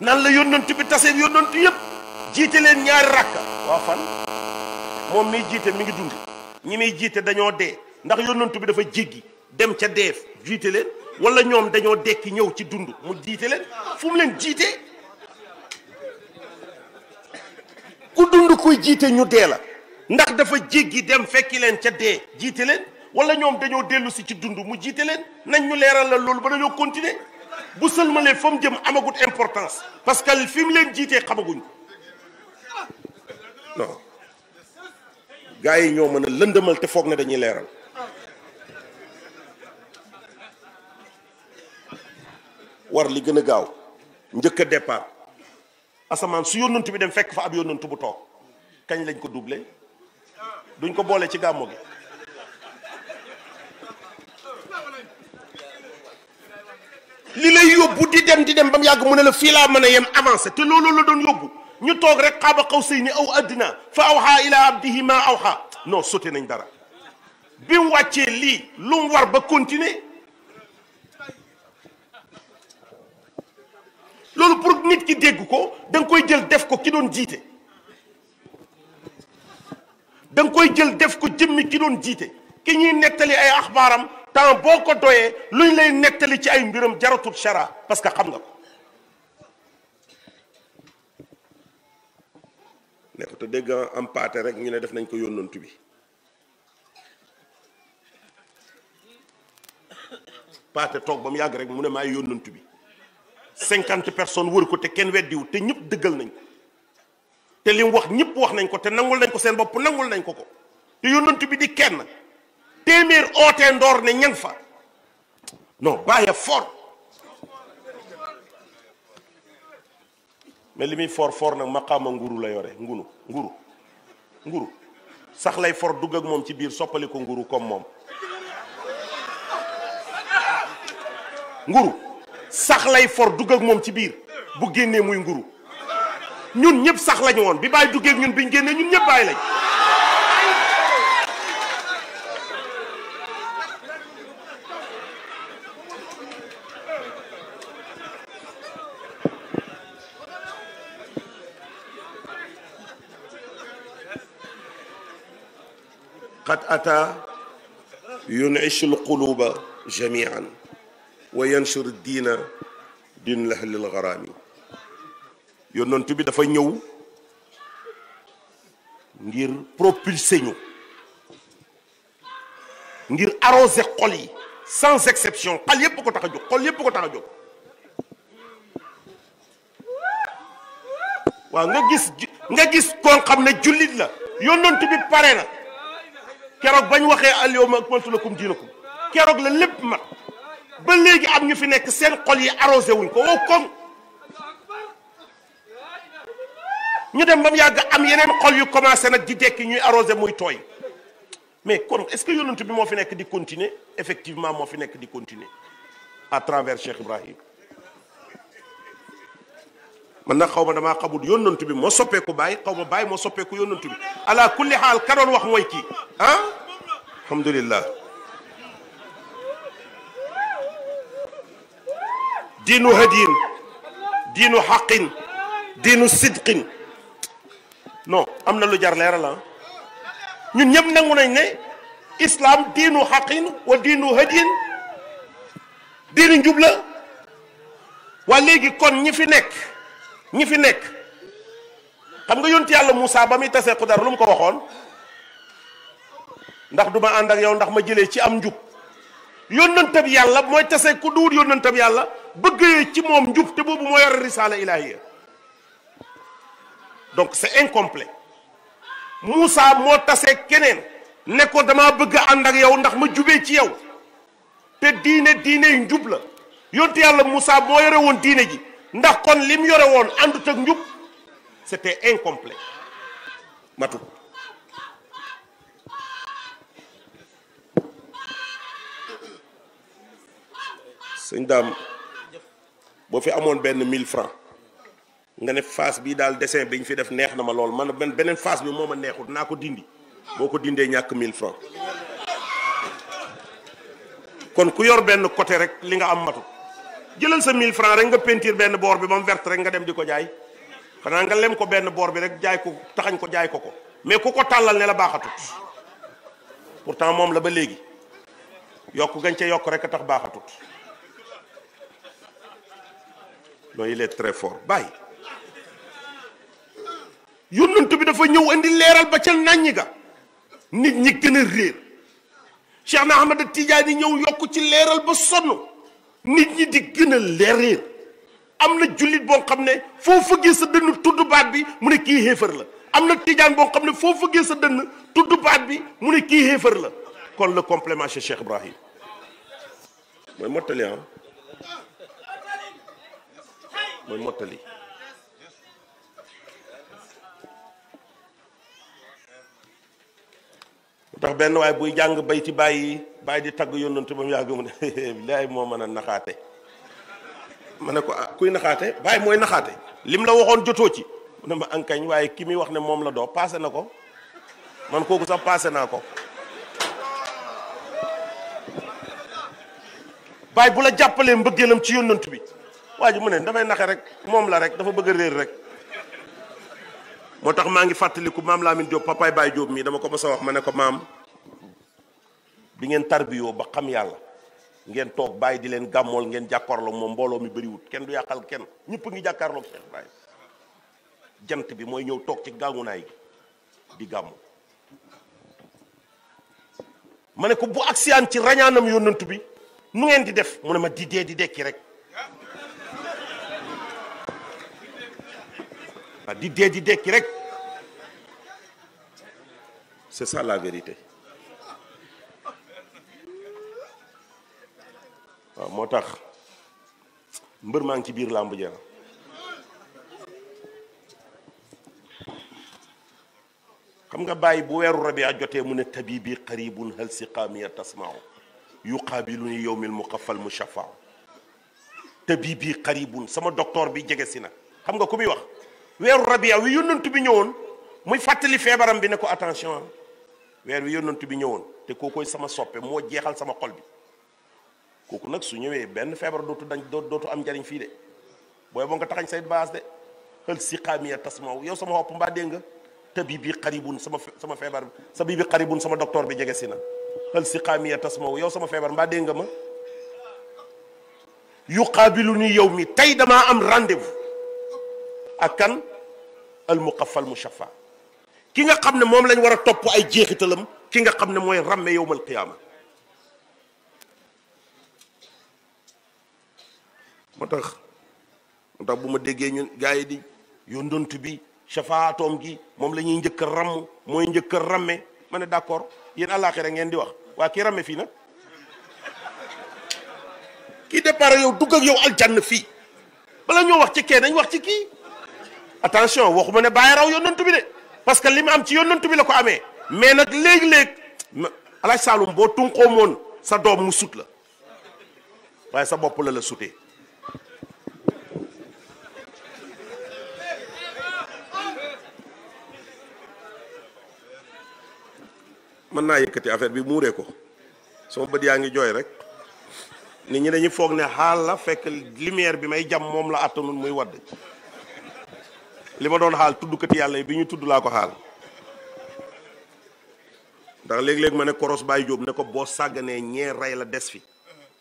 nan la yónnantu bi taseeg yónnantu yëpp jiite leen ñaari rakka waa fan moom miy jiite mi ngi dund ñi muy jiite dañoo dee ndax yonent bi dafa jéggi dem ca deef jiite wala ñoom dañoo dekki ñëw ci dund mu jiite leen fu jiite ku dund kuy ñu dee la ndax dafa jéggi dem fekki leen ca dee jiite leen wala ñoom dañoo dellu si ci dund mu jiite leen nañ ñu leeral la loolu ba dañoo continuer bu sëlmalee fa mu jëm amagut importance parce que fi mu leen jiitee xamaguñ non gaa yi ñoo mën a lëndëmal te foog ne dañuy leeral war li gën a gaaw njëkk a départ asamaan su yónnantu bi dem fekk fa ab yónnantu bu toog kañ lañ ko doublé duñ ko boole ci gàmmu gi li lay yóbbu di dem di dem ba mu yàgg mu ne la fii laa mën a yem avancé te loolu la doon yóbbu ñu toog rek xaaba xaw sëy ni aw addina fa awxa ila abdihi ma awxa non sote nañ dara bi mu wàccee lii lu mu war ba continuer loolu pour nit ki dégg ko da nga koy jël def ko ki doon jiite danga koy jël def ko jëmmi ki doon jiite ki ñuy nettali ay axbaaram temps boo ko doyee luñ lay nettali ci ay mbiram jaratul chara parce que xam nga ko nekkut a dégg am paate rek ñu ne def nañ ko yónnantu bi paate toog ba mu yàgg rek mu ne maay yónnantu bi cinquante personnes wër ko te kenn weddiwu te ñëpp dëggal nañ ko te li wax ñëpp wax nañ ko te nangul nañ ko seen bopp nangul nañ ko ko te yónnantu bi di kenn téeméer oote ndoor ne ñang fa non bàyyi fort mais li muy for for nag maqaama nguru la yore ngunu nguru nguru sax lay for dugg ak moom ci biir soppali nguru comme moom nguru sax lay for dugg ak moom ci biir bu génnee muy nguru ñun ñëpp sax lañu woon bi bàyyi duggee ñun bi biñ génnee ñun ñëpp bàyyi lañ qad ata yunichu lquluba jamian wa yanshur diina din lahlil garaami yonent bi dafa ñëw ngir propulser ñu ngir arroser xol yi sans exception xol yépp ko tax a jóg nga gis nga gis koo xam ne jullit la yonent bi pare na keroog bañ waxee al yawma akmaltu lakum ko keroog la lépp ma ba léegi am ñu fi nekk seen xol yi arrosé wuñ ko wow koŋ ñu dem ba mu yàgg am yeneen xol yu commencé nag di dekki ñuy arrosé muy tooy mais kon est-ce que yonent bi moo fi nekk di continuer effectivement moo fi nekk di continuer à travers Cheikh Ibrahim man na xaw ma damaa xamul yónnantu bi moo soppeeku bàyyi xaw ma bàyyi moo soppeeku yónnantu bi ala kulli xaal ka wax mooy kii ah alhamdulillah diinu hadiin diinu xaqin diinu sidqin non am na lu jar leeral la ah ñun ñëpp nangu nañ ne islam diinu xaqin wa diinu hadiin diinu njub la waa léegi kon ñi fi nekk ñi fi nekk xam nga yonti yàlla Moussa ba muy tasee Xudar lu mu ko waxoon ndax du ma ànd ak yow ndax ma jëlee ci am njub yónnantab yàlla mooy tasee ku duut yónnantab yàlla bëggee ci moom njub te boobu moo yore risaala ilaahiya donc c'est incomplet Moussa moo tasee keneen nekkoon ko dama bëgg ànd ak yow ndax ma jubee ci yow te diine diine yu njub la yonti yàlla Moussa moo yore woon diine ji ndax kon lim yore woon àndut ak njub c'était incomplet matu sëñ daam boo fi amoon benn mille francs nga ne face bi daal dessin bi ñu fi def neex na ma loolu man benn beneen face bi moom ma neexut naa ko dindi boo ko dindee ñàkk mille francs kon ku yor benn côté rek li nga am matu jëlal sa mille francs rek nga peinture benn boor bi ba mu verte rek nga dem di ko jaay xanaa nga lem ko benn boor bi rek jaay ko taxañ ko jaay ko ko mais ku ko tàllal ne la baaxatut pourtant moom la ba léegi yokk gañ ca yokk rek a tax a non il est très fort bàyyi yonent bi dafa ñëw indi leeral ba ca naññi ga nit ñi gën a réer Cheikh na Ahmada Tidiane ñëw yokk ci leeral ba sonn nit ñi di gën a leer am na jullit boo xam ne foo fëggee sa dënn tudd baat bi mu ne kii xéefar la am na tijaan boo xam ne foo fëggee sa dënn tudd baat bi mu ne kii xéefar la kon le complément chez Cheikh Ibrahim mooy mottali ah mooy mottali mu tax benn waaye buy jàng bay ci bàyyi bàyyi di tagg yónnante ba mu yàgg mu ne billaay moo man a naxaate ma ne ko ah kuy naxaate bàyyi mooy naxaate lim la waxoon jotoo ci mu ne ma ankañ waaye kii muy wax ne moom la doo paase na ko man kooku sax paase naa ko bàyyi bu la jàppalee mbëggeelam ci yónnant bi waa ji mu ne damay naxe rek moom la rek dafa bëgg a réer rek moo tax maa ngi fàttaliku maam Lamine Diop papaay Baye Diop mii dama ko mos a wax ma ne ko maam bi ngeen tarbiyoo ba xam yàlla ngeen toog bàyyi di leen gàmmool ngeen jàkkaarloo moom mbooloo mi bëriwut kenn du yàqal kenn ñëpp ngi jàkkaarloog jant bi mooy ñëw toog ci gàngunaay di gàmmu ma ne ko bu aksiyaan ci rañaanam yónnantu bi nu ngeen di def mu ne ma di dee di dekki rek di dee di dekki rek c'est la vérité moo tax mbër maa ngi ci biir làmb ja xam nga bàyyi bu weeru rabi a jotee mu ne tabibi qaribun hal siqaamiya tasmau yuqaabiluni yowmil muqafal mushafau tabibi qaribun sama docteur bi jege si na xam nga ku muy wax weeru rabia wi yónnantu bi ñëwoon muy fàttali feebaram bi ne ko attention weer wi yónnantu bi ñëwoon te koo koy sama soppe moo jeexal sama xol bi kooku nag su ñëwee benn feebar dootu dañ dootu am njariñ fii de booy boo nga taxañ say baas de xël si xaamiya tasmaw yow sama wopp mbaa dégg nga tabibi xaribun sama sama feebar sa bibi xaribun sama docteur bi jege si na xël si yow sama feebar mbaa dégg nga ma yuqaabilu ni yow mi tey damaa am rendez-vous ak kan al muqaffal mushaffa ki nga xam ne moom lañ war a topp ay jeexitalam ki nga xam ne mooy ràmme mal qiyaama moo tax moo tax bu ma déggee ñu gars yi di yonent bi shafaatoom gi moom la ñuy njëkk ramm mooy njëkkër a ramme ma ne d'accord yéen àllaaxira ngeen di wax waa kii ramme fii nag kii départ yow dugg ak yow aljanna fii bala ñoo wax ci kee nañ wax ci kii attention waxuma ne bàyyi raw yonent bi de parce que li ma am ci yonent bi la ko amee mais nag léeg-léeg alaaj saalum boo tunqoo sa doom mu sut la waaye sa bopp la la sutee mën naa yëkkati affaire bi muuree ko sama bët yaa ngi jooy rek nit ñi dañuy foog ne xaal la fekk lumière bi may jam moom la attanul muy wadd li ma doon xaal tuddkat yàlla yi bi ñu tudd laa ko xaal ndax léeg-léeg ma ne koros Baye jóob ne ko boo sàgganee ñee rey la des fi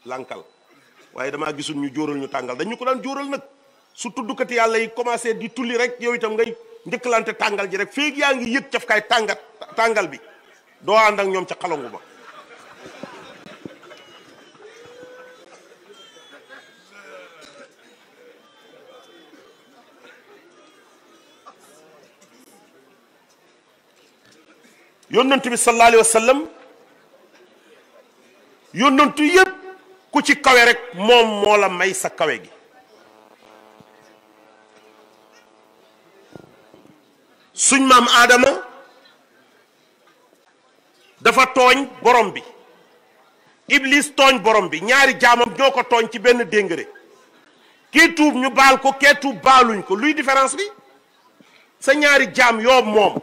lankal waaye damaa gisul ñu jóoral ñu tàngal dañ ñu ko daan jóoral nag su tuddkat yàlla yi commencé di tulli rek yow itam ngay njëkkalante tàngal ji rek feeg yaa ngi yëg cafkaay tàngat tàngal bi doo ànd ñoom ca xalangu ba yónnantu bi sallallahu alayhi yónnantu yépp ku ci kawe rek moom moo la may sa kawe gi suñ maam aadama dafa tooñ borom bi iblis tooñ borom bi ñaari jaamam ñoo ko tooñ ci benn déngëre kii tuub ñu baal ko kee tuub baaluñ ko luy différence bi sa ñaari jaam yoo moom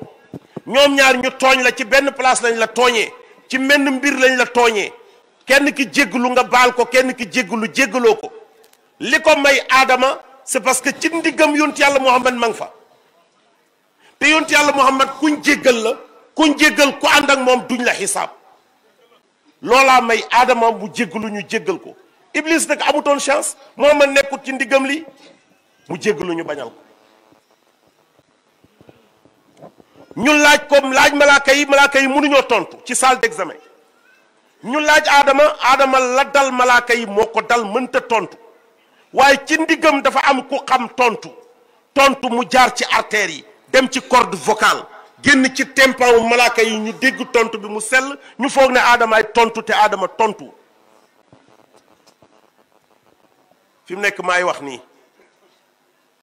ñoom ñaar ñu tooñ la ci benn place lañ la tooñee ci menn mbir lañ la tooñee kenn ki jéggalu nga baal ko kenn ki jéggalu jéggaloo ko li ko may aadama c'est parce que ci ndiggam yont yàlla muhammad ma nga fa te yont yàlla muhammad kuñ jéggal la ku jéggal ku ànd ak moom duñ la xisaab loolaa may aadama bu jéggalu ñu jéggal ko Iblis nag amutoon chance moom ma nekkut ci ndiggam li mu lu ñu bañal ko ñu laaj ko laaj malaaka yi malaaka yi mënuñoo tontu ci salle d'examen ñu laaj aadama aadama la dal malaaka yi moo ko dal mënta tontu waaye ci ndigam dafa am ku xam tontu tontu mu jaar ci artères yi dem ci corde vocal génn ci tempawu malaaka yi ñu dégg tontu bi mu sell ñu foog ne aadama tontu te aadama tontu fi mu nekk maay wax nii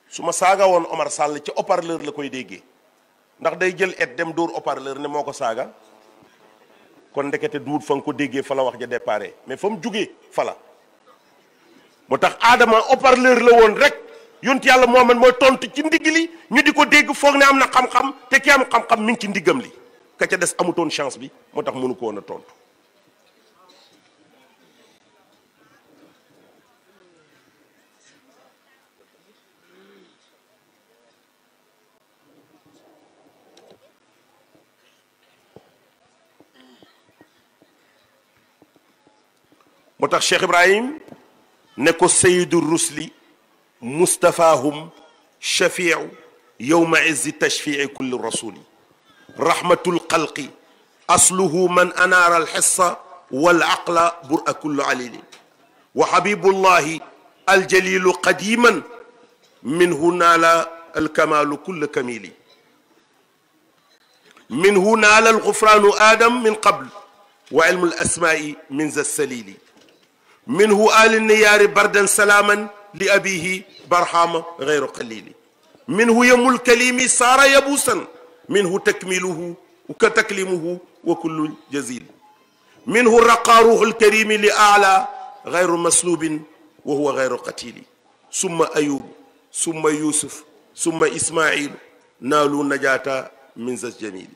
su ma saaga woon Omar Sall ci haut la koy déggee ndax day jël et dem dóor haut-parleur ne moo ko saaga kon ndekete duut fa nga ko déggee fa la wax ja déparé mais fa mu jugee fa la moo tax aadama haut la woon rek yonent yàlla moo man mooy tontu ci ndigg li ñu di ko dégg foog ne am na xam-xam te ki am xam-xam mi ngi ci ndiggam li ca des amutoon chance bi moo tax mënu ko woon a tontu. moo tax Cheikh Ibrahim ne ko Seydou li mustafaahum shafiu yowma izzi tashfii kulli rasuli rahmatul xalqi asluhu man anaara alxissa wal aqla bur a kullu alilin wa xabibullahi aljalilu qadiman minhu naala alkamalu kulla kamili minhu naala alxufraanu aadam min qabl wa ilmu alasmaai min za salili minhu ali niyaari bardan salaaman li abihi barhama gayru qalili minhu yamul kalimi saara yabuusan minhu takmiluhu ka taklimuhu wa kullu jazil minhu raqa ruhul karimi li aala gayru maslubin wa huwa gayru qatili summa ayub summa yusuf summa ismail naalu najata min zas jamili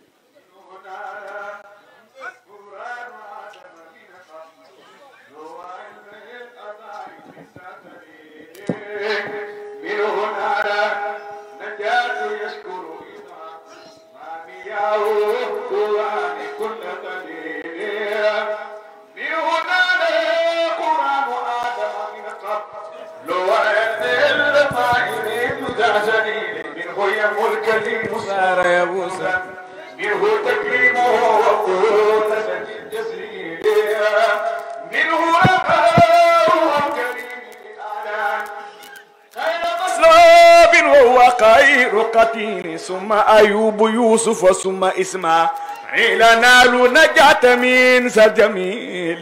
ثم أيوب يوسف ثم إسماعيل نالوا نجاة من سجميل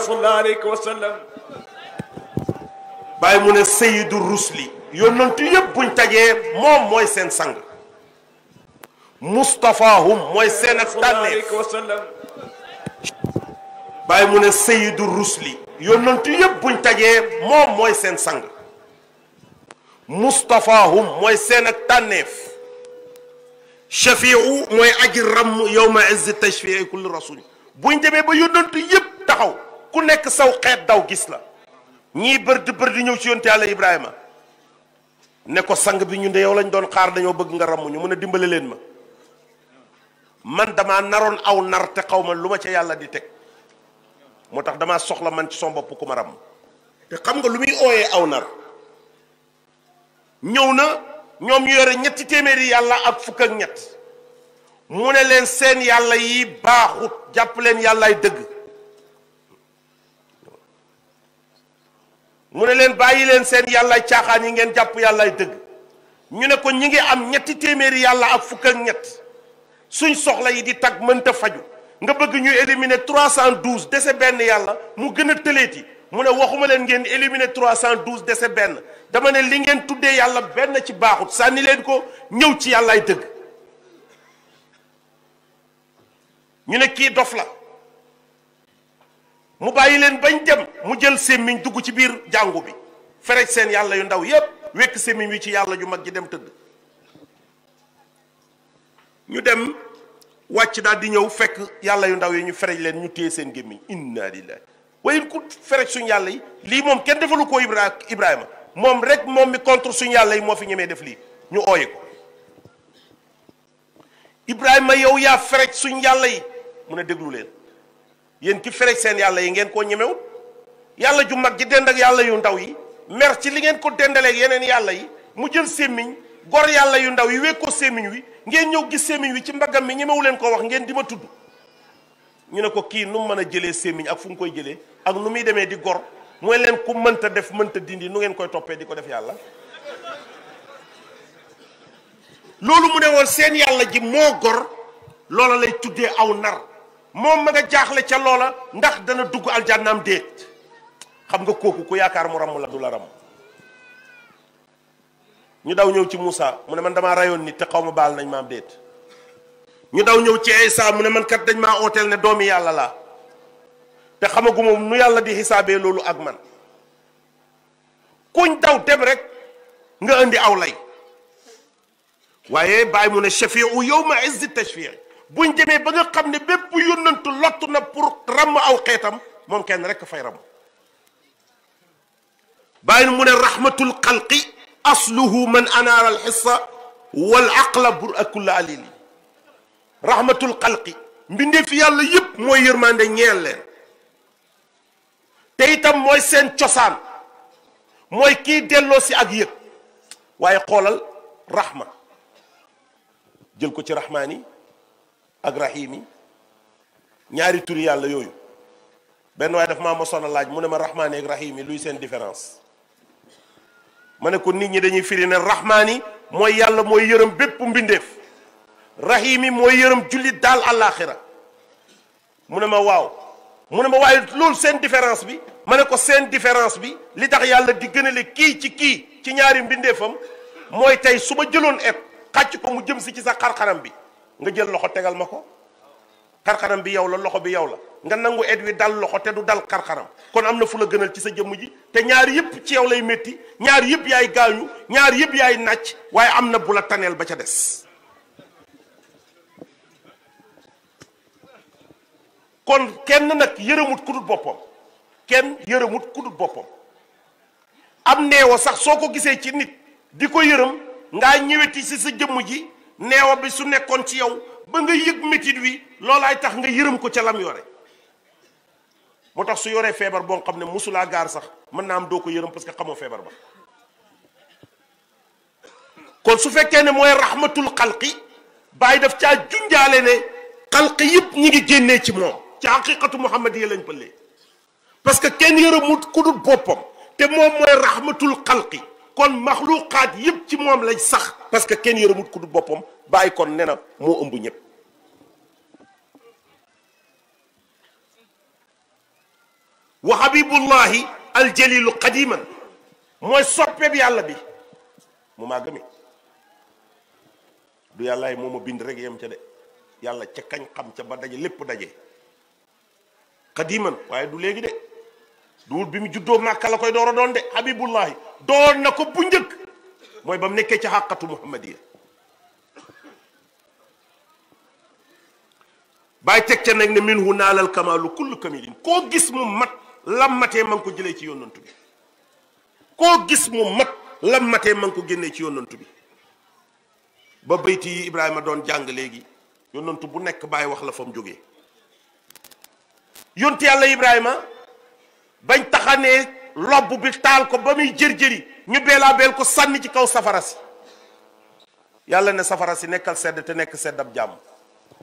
صلى الله عليه وسلم bàyyi mu ne Seydou Rusli yónnantu yëpp buñ moom mooy seen sang Mustafahum mooy seen ak tànneef bàyyi mu ne Seydou Rusli yónnantu yëpp buñ tajee moom mooy seen sang Mustafahum shafiu mooy yow ma yowma izzi tashfii kulli rasuñ buñ demee ba yónnantu yëpp taxaw ku nekk saw xeet daw gis la ñii bërdi bërdi ñëw ci yonte yàlla ibrahima ne ko sang bi ñu de yow lañ doon xaar dañoo bëgg nga ramm ñu mën a dimbali leen ma man damaa naroon aw nar te xaw ma lu ma ca yàlla di teg moo tax damaa soxla man ci son bopp ku ma ramm te xam nga lu muy ooyee aw nar ñëw na ñoom ñu yore ñetti téeméeri yàlla ak fukk ak ñett mu ne leen seen yàlla yi baaxut jàpp leen yàlla ay dëgg mu ne leen bàyyi leen seen yàllaay caaxaan yi ngeen jàpp yàlla ay dëgg ñu ne ko ñi ngi am ñetti téeméeri yàlla ak fukk ak ñett suñ soxla yi di tag mënta faju nga bëgg ñu éliminer 312 dese benn yàlla mu gën a tëleeti mu ne waxuma leen ngeen éliminer 312 dese benn dama ne li ngeen tuddee yàlla benn ci baaxut sànni leen ko ñëw ci yàllaay dëgg ñu ne kii dof la mu bàyyi leen bañ dem mu jël sémmiñ dugg ci biir jàngu bi ferej seen yàlla yu ndaw yépp wekk sémmiñ wi ci yàlla ju mag ji dem tëdd ñu dem wàcc daal di ñëw fekk yàlla yu ndaw yi ñu ferej leen ñu téye seen gémmiñ inna lillahi waaye ku ferek suñ yàlla yi lii moom kenn defalu ko Ibra Ibrahima moom rek moom mi contre suñu yàlla yi moo fi ñemee def lii ñu ooye ko Ibrahima yow yaa ferek suñ yàlla yi mun a déglu leen yéen ki ferek seen yàlla yi ngeen koo ñemewut yàlla ju mag ji dend ak yàlla yu ndaw yi merci li ngeen ko dendaleeg yeneen yàlla yi mu jël sémmiñ gor yàlla yu ndaw yi wéeg ko sémmiñ wi ngeen ñëw gis sémmiñ wi ci mbaggam mi ñemewu leen ko wax ngeen di ma tudd ñu ne ko kii nu mu mën a jëlee sémmiñ ak fu mu koy jëlee ak nu muy demee di gor mooy leen ku mënta def mënta dindi nu ngeen koy toppee di ko def yàlla loolu mu ne woon seen yàlla ji moo gor loola lay tuddee aw nar moom ma nga jaaxle ca loola ndax dana dugg aljannaam déet xam nga kooku ku yaakaar mu ram la du la ramm ñu daw ñëw ci Moussa mu ne man damaa rayoon nit te xaw ma baal nañ maam déet ñu daw ñëw ci Isa mu ne man kat dañ maa ooteel ne doomi yàlla la te xamaguma nu yàlla di xisaabee loolu ak man kuñ daw dem rek nga indi aw lay waaye bàyyi mu ne shafiu yowma izzi tashfi'i buñ demee ba nga xam ne bépp yónnantu lottu na pour ràmm aw xeetam moom kenn rek fay ràmm bàyyi mu ne rahmatul xalqi asluhu man anaara alxissa wal aqla bur akulla alili raxmatul xalqi mbindee yàlla yépp mooy yërmande ñeel leen te itam mooy seen cosaan mooy kii delloo si ak yëg waaye xoolal rahma jël ko ci rahmaan yi ak rahim ñaari turi yàlla yooyu benn waaye daf maa mosoon a laaj mu ne ma rahmaan yi ak rahim luy seen différence ma ne ko nit ñi dañuy firi ne rahmaan mooy yàlla mooy yërëm bépp mbindeef rahim yi mooy yërëm jullit daal àllaaxira mu ne ma waaw mu ne ma waaye loolu seen différence bi ma ne ko seen différence bi li tax yàlla di gënale kii ci kii ci ñaari mbindeefam mooy tey su ma jëloon et xàcc ko mu jëm si ci sa xarxaram bi nga jël loxo tegal ma ko xarxaram bi yow la loxo bi yow la nga nangu et wi dal loxo te du dal xarxaram kon am na fu la gënal ci sa jëmm ji te ñaar yëpp ci yow lay métti ñaar yëpp yaay gaañu ñaar yëpp yaay nàcc waaye am na bu ba ca des kon kenn nag yërëmut ku boppam kenn yërëmut ku dul boppam am neewa sax soo ko gisee ci nit di ko yërëm ngaa ñëweti si sa jëmm ji neewa bi su nekkoon ci yow ba nga yëg métit wi ay tax nga yërëm ko ca lam yore moo tax su yoree feebar boo xam ne mosulaa gaar sax mën naa am doo ko yërëm parce que xamoo feebar ba kon su fekkee ne mooy rahmatul xalqi bàyyi daf caa junjaale ne xalqi yëpp ñi ngi génnee ci moom ci haqiqatu muhammad yi lañ pëllee parce que kenn yërëmut ku dul boppam te moom mooy rahmatul xalqi kon maxluqaat yëpp ci moom lañ sax parce que kenn yërëmut ku boppam bàyyi kon ne na moo ëmb ñëpp wa habibullahi aljalilu qadiman mooy soppeeb yàlla bi mu maa gëme du yàlla yàllaay moo ma bind rek yem ca de yàlla ca kañ xam ca ba daje lépp daje xadiman waaye du léegi de duwul bi mu juddoo màkka la koy door a doon de habibullahi doon na ko bu njëkk mooy ba mu nekkee ci xàqatu muhammadiya bàyyi teg ca nag ne minhu naalal kamaalu kullu kamilin koo gis mu mat lam matee ma ngi ko jëlee ci yonantu bi koo gis mu mat lam matee ma ngi ko génnee ci yonantu bi ba bayti Ibrahima doon jàng léegi yonantu bu nekk baay wax la fa mu jóge yonti yàlla Ibrahima bañ taxanee lobb bi taal ko ba muy jër-jëri ñu beelaa beel ko sànni ci kaw safara si yàlla ne safara si nekkal sedd te nekk sedd ab jàmm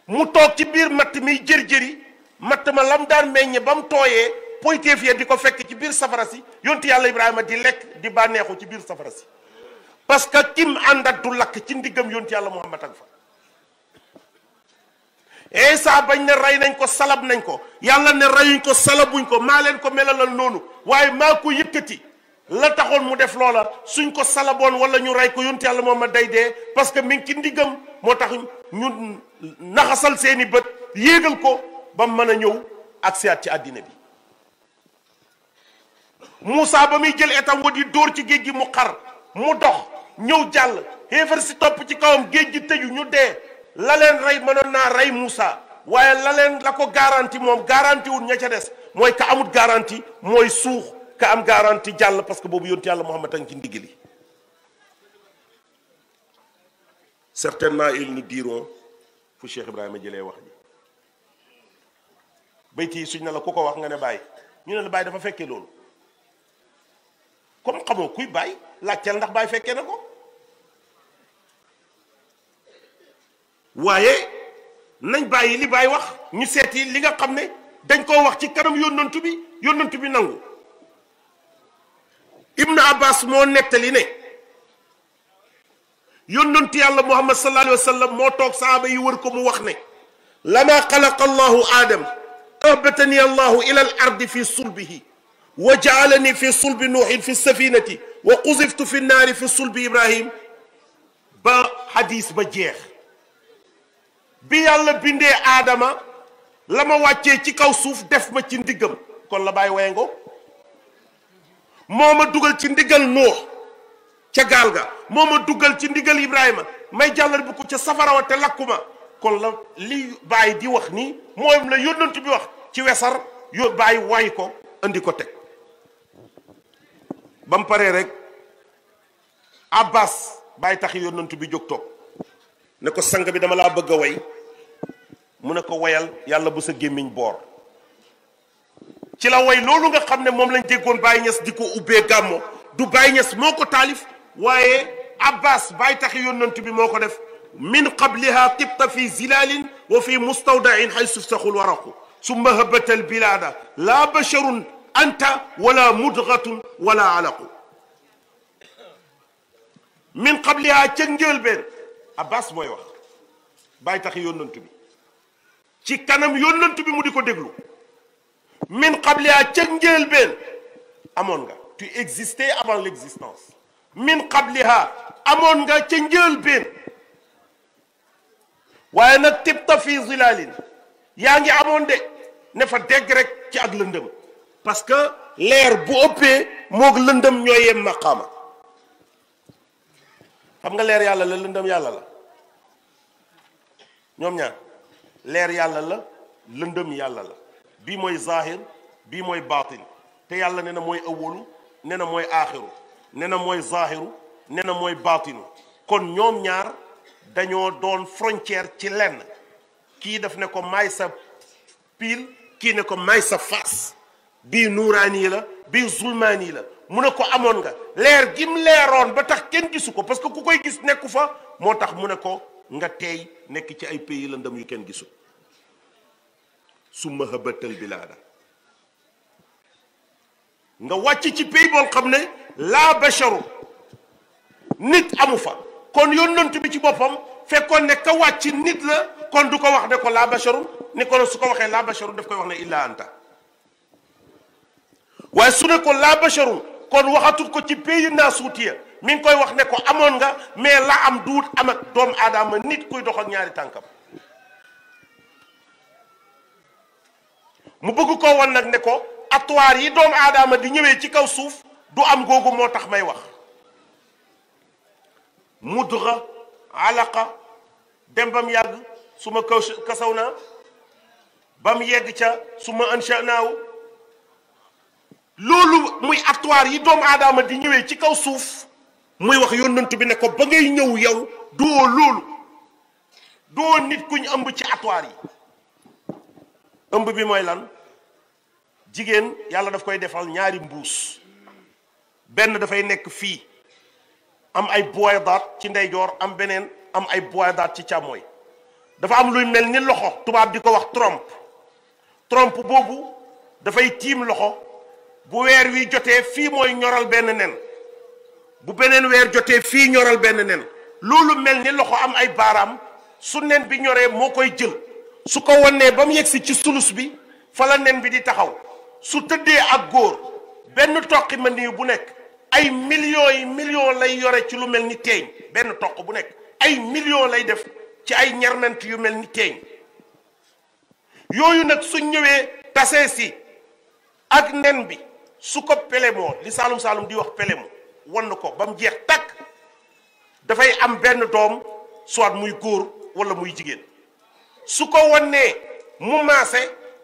mu toog ci biir matt miy jër-jëri matt ma lam daan meññe ba mu tooyee poyteef ya di ko fekk ci biir safara si yontu yàlla Ibrahima di lekk di bànneexu ci biir safara si parce que kim àndat du lakk ci ndiggam yonti yàlla Muhammad ak fa Isa bañ ne rey nañ ko salab nañ ko yàlla ne reyuñ ko salabuñ ko maa leen ko melalal noonu waaye maa ko yëkkati la taxoon mu def loola suñ ko salaboon wala ñu rey ko yonent yàlla moom ma day dee parce que mi ngi ci ndiggam moo tax ñu naxasal seeni bët yéegal ko ba mën a ñëw ak siyaat ci àddina bi Moussa ba muy jël etam wat yi dóor ci géej gi mu xar mu dox ñëw jàll xéefar si topp ci kawam géej gi tëju ñu dee la leen rey mënoon naa rey Moussa waaye la leen la ko garanti moom garanti wul ña ca des mooy ka amut garanti mooy suux ka am garanti jàll parce que boobu yonti yàlla Muhammad a ngi ci ndigili certainement ils nous diront fu Cheikh Ibrahima jëlee wax ji bayti suñ na la ku ko wax nga ne bàyyi ñu ne la bàyyi dafa fekkee loolu comme xamoo kuy bàyyi laajteel ndax bàyyi fekkee na ko waaye nañ bàyyi li wax ñu seeti li nga xam ne dañ koo wax ci kanam yónnantu bi yónnantu bi nangu ibnu abbas moo nettali ne yónnantu yàlla muhammad sallallahu alayhi wa sallam moo toog saaba yi wër ko mu wax ne lama xalaqa allahu aadam ahbatani allahu ila al ardi fi sulbihi wa jaalani fi sulbi nuuxin fi safinati wa quziftu fi naari fi sulbi ibrahim ba xadiis ba jeex bi yàlla bindee aadama la ma wàccee ci kaw suuf def ma ci ndiggam kon la bàyyi wayango moo ma dugal ci ndiggal nuux ca gaal ga moo ma dugal ci ndiggal ibrahima may jàllar bu ko ca safara wa te lakkuma kon la li bàyyi di wax nii mooy la yónnantu bi wax ci wesar yo bàyyi way ko andi ko teg ba mu paree rek abbas bàyyi tax yónnantu bi jóg toog ne ko sang bi dama laa bëgg a way mu ne ko woyal yàlla bu sa gémmiñ boor ci la woy loolu nga xam ne moom lañ déggoon Baye Niass di ko ubbee gàmmo du Baye Niass moo ko taalif waaye Abbas bàyyi taxi yónnant bi moo ko def min qabliha tibta fi zilalin wa fi mustawdain xaysu saxul waraqu summa habata albilada la basharun anta wala mudgatun wala alaqu min qabliha ca njëlbeen Abbas mooy wax bàyyi taxi yónnant bi ci kanam yónnantu bi mu di ko déglu min qabliha ca njëlbeen amoon nga tu existais avant l'existence min qabliha amoon nga ca njëlbeen waaye nag tibta fi zilalin yaa ngi amoon de ne fa dégg rek ci ak lëndëm parce que leer bu ëppee moog lëndëm ñooy yem maqaama xam nga leer yàlla la lëndëm yàlla la ñoom ñaar leer yàlla la lëndëm yàlla la bii mooy zahir bii mooy baatin te yàlla ne na mooy awalu ne na mooy aaxiru ne na mooy zahiru ne na mooy baatinu kon ñoom ñaar dañoo doon frontière ci lenn kii daf ne ko maay sa pile kii ne ko maay sa face bii nuuraani la bii zulmaani la mu ne ko amoon nga leer gi leeroon ba tax kenn gisu ko parce que ku koy gis nekku fa moo tax mu ne ko nga tey nekk ci ay pays lëndëm yu kenn gisul summa habatal bilaada nga wàcc ci pays boo xam ne laa basharu nit amu fa kon yoon yónnant bi ci boppam fekkoon ne ka wàcc nit la kon du ko wax ne ko laa basharu ni su ko waxee laa basharu daf koy wax ne illa anta waaye su ne ko laa basharu kon waxatul ko ci pays naasuutiya mi ngi koy wax ne ko amoon nga mais la am duut am ak doomu aadama nit kuy dox ak ñaari tànkam mu bëgg ko woon nag ne ko atuwaar yi doom aadama di ñëwee ci kaw suuf du am googu moo tax may wax mudra alaqa dem ba mu yàgg suma ma kaw naa ba mu yegg ca suma ma naaw loolu muy atuwaar yi doomu aadama di ñëwee ci kaw suuf muy wax yónnant bi ne ko ba ngay ñëw yow doo loolu doo nit kuñ ëmb ci atoir yi ëmb bi mooy lan jigéen yàlla daf koy defal ñaari mbuus benn dafay nekk fii am ay boydaat ci ndeyjoor am beneen am ay boydaat ci càmmooy dafa am luy mel ni loxo tubaab di ko wax tromp tromp boobu dafay tiim loxo bu weer wi jotee fii mooy ñoral benn nen bu beneen weer jotee fii ñoral benn nen loolu mel ni loxo am ay baaraam su nen bi ñoree moo koy jël su ko wonnee ba mu si ci sulus bi fala nen bi di taxaw su tëddee ak góor benn toqi ma nii bu nekk ay million yi million lay yore ci lu mel ni teeñ benn toq bu nekk ay millions lay def ci ay ñarment yu mel ni teeñ yooyu nag su ñëwee tasee si ak nen bi su ko pelemoo li saalum saalum di wax pelemo wann ko ba mu jeex tàkk dafay am benn doom soit muy góor wala muy jigéen su ko wannee mu maase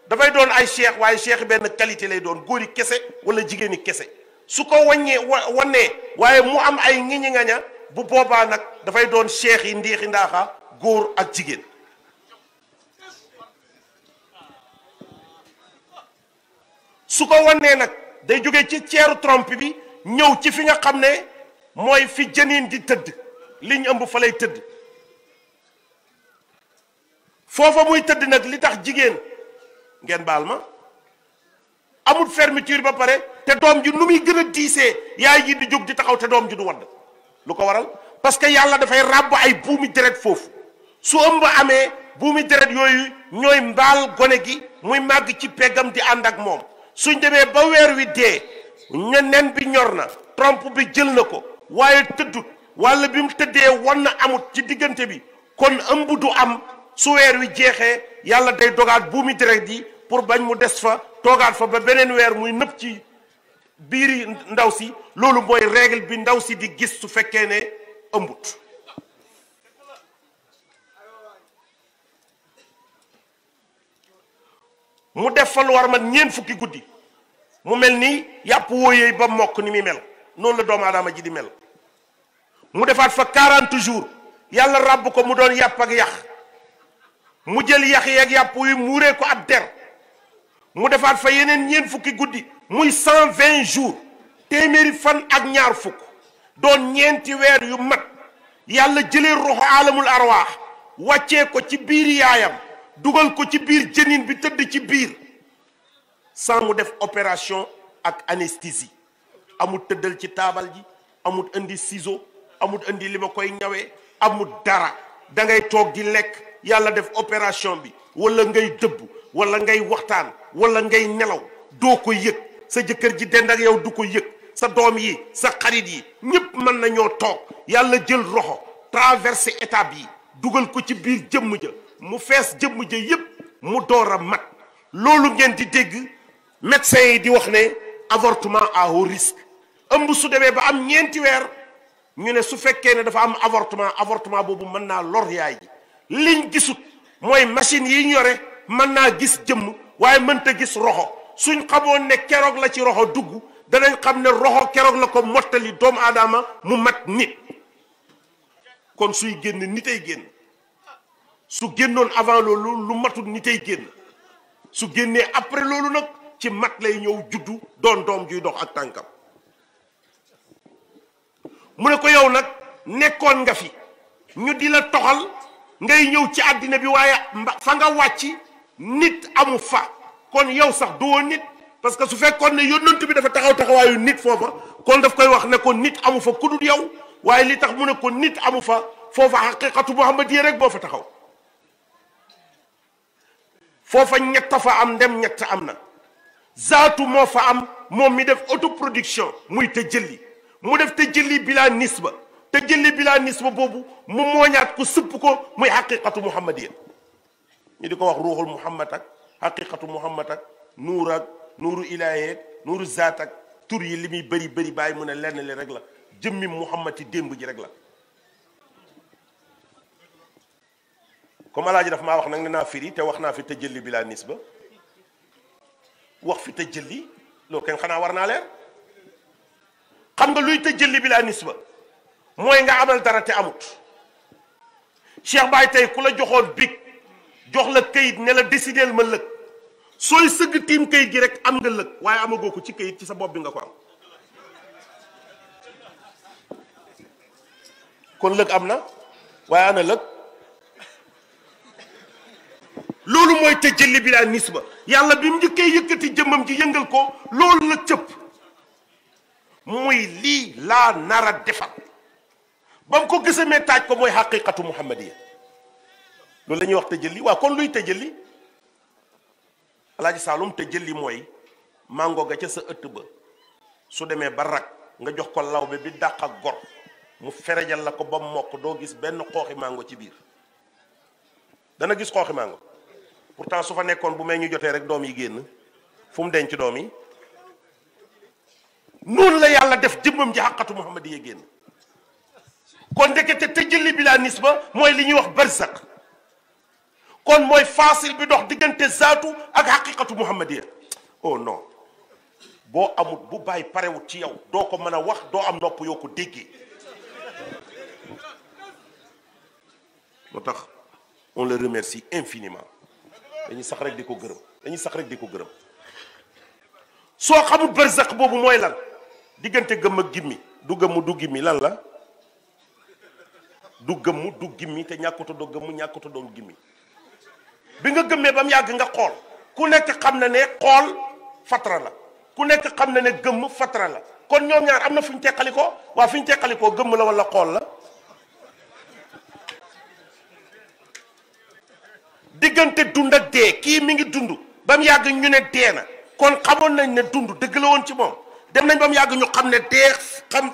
dafay doon ay cheikh waaye cheikh benn qualité lay doon góori kese wala jigéeni kese su ko waññee wa wannee waaye mu am ay ngiñi bu boobaa nag dafay doon cheikh yi ndiixi ndaaxa góor ak jigéen su ko wannee nag day jóge ci ceeru trompe bi ñëw ci fi nga xam ne mooy fi jëniin di tëdd liñ ëmb fa lay tëdd foofa muy tëdd nag li tax jigéen ngeen baal ma amul fermeture ba pare te doom ji nu muy gën a diisee yaay jii di jóg di taxaw te doom ji du wadd lu ko waral parce que yàlla dafay ràbb ay buumi deret foofu su ëmb amee buumi deret yooyu ñooy mbaal gone gi muy màgg ci peggam di ànd ak moom suñ demee ba weer wi dee ñeneen bi ñor na Trump bi jël na ko waaye tëddut walla bi mu tëddee wan na amut ci diggante bi kon ëmb du am su weer wi jeexee yàlla day dogaat buumi direct yi pour bañ mu des fa toogaat fa ba beneen weer muy nëpp ci biiri ndaw si loolu mooy règle bi ndaw si di gis su fekkee ne ëmbut mu def fa lu war man ñeent fukki guddi mu mel ni yàpp wóoyee ba mokk ni muy mel noonu la doomu aadama ji di mel mu defaat fa 40 jours yàlla ràbb ko mu doon yàpp ak yax mu jël yax yeeg yàpp yi muuree ko ab der mu defaat fa yeneen ñeent fukki guddi muy 120 jours téeméeri fan ak ñaar fukk doon ñeenti weer yu mat yàlla jëlee ruuxu alamul arwaax wàccee ko ci biir yaayam dugal ko ci biir jënin bi tëdd ci biir sans mu def opération ak anesthésie amul tëddal ci taabal ji amul indi ciseau amul indi li ma koy ñawee amul dara da ngay toog di lekk yàlla def opération bi wala ngay dëbb wala ngay waxtaan wala ngay nelaw doo ko yëg sa jëkkër ji dend ak yow du ko yëg sa doom yi sa xarit yi ñépp mën nañoo toog yàlla jël roxo traversé étape yi dugal ko ci biir jëmm ja mu fees jëmm ja yépp mu door a mat loolu ngeen di dégg médecin yi di wax ne avortement à haut risque ëmb su demee ba am ñeenti weer ñu ne su fekkee ne dafa am avortement avortement boobu mën naa lor yaay ji liñ gisut mooy machine yi yore mën naa gis jëmm waaye mënta gis roxo suñ xamoon ne keroog la ci roxo dugg danañ xam ne roxo keroog la ko mottali doomu aadaama mu mat nit kon suy génn nitay génn su génnoon avant loolu lu matul nitay génn su génnee après loolu nag ci mag lay ñëw juddu doon doom juy dox ak tànkam mu ne ko yow nag nekkoon nga fi ñu di la toxal ngay ñëw ci àddina bi waaye fa nga wàcc nit amu fa kon yow sax du woon nit parce que su fekkoon ne yónnantu bi dafa taxaw taxawaayu nit foofa kon daf koy wax ne ko nit amu fa ku dul yow waaye li tax mu ne ko nit amu fa foofa xaqiqatu muhammadiyya rek boo fa taxaw foofa ñett fa am ndem ñett am na zaatu moo fa am moom mi def production muy te jëlli mu def te jëlli bilaa nisba te bila bilaa nisba boobu mu mooñaat ko supp ko muy xaqiqatu muhammadiya ñu di ko wax ruuxul muhammad ak xaqiqatu muhammad ak nuur ak nuuru ilaahi nuur nuuru zaat ak tur yi li muy bëri bëri bàyyi mu ne lenn li rek la jëmmi muhammad ci démb ji rek la comme alaaji daf maa wax nag ne naa firi te wax naa fi te bila bilaa nisba wax fi tëjëli loolu kenn xanaa war naa leer xam nga luy tëjëli bi laa nisba mooy nga amal dara te amut Cheikh Baye tey ku la joxoon big jox la kayit ne la décideel ma lëg sooy sëgg tiim kayit gi rek am nga lëg waaye amagoo ko ci kayit ci sa bopp bi nga ko am kon lëg am na waaye ana lëg loolu mooy te jëlli bi laa nisba yàlla bi mu njëkkee yëkkati jëmmam ji yëngal ko loolu la cëpp muy lii laa nara defal ba mu ko gësamee taaj ko mooy xaqiqatu muhammadiya loolu la wax te jëlli waaw kon luy te jëli alaaji saalum te jëlli mooy màngo ga ca sa ëtt ba su demee ba rak nga jox ko lawbe bi dàq ak gor mu ferejal la ko ba mokk doo gis benn xooxi màngo ci biir dana gis xooxi màngo pourtant su fa nekkoon bu ñu jotee rek doom yi génn fu mu denc doom yi noonu la yàlla def jëmmam ji xaqatu muhammad génn kon ndekete tëjëli bi laa nisba mooy li ñuy wax barzak kon mooy facile bi dox diggante zaatu ak xaqiqatu muhammadiya oh non boo amul bu bàyyi parewut ci yow doo ko mën a wax doo am nopp yoo ko déggee moo tax on le remercie infiniment dañuy sax rek di ko gërëm dañuy sax rek di ko gërëm soo xamul barzak boobu mooy lan diggante gëmm ak gimmi du gëmm du gimmi lan la du gëmm du gimmi te ñàkkuta doo gëmm ñàkkuta doon gimmi bi nga gëmmee ba mu yàgg nga xool ku nekk xam na ne xool fatra la ku nekk xam na ne gëmm fatra la kon ñoom ñaar am na fu ñu teqali ko waa fu ñu teqali gëmm la walla xool la diggante dund ak dee kii mi ngi dund ba mu yàgg ñu ne dee na kon xamoon nañ ne dund dëgg la woon ci moom dem nañ ba mu yàgg ñu xam ne dee xam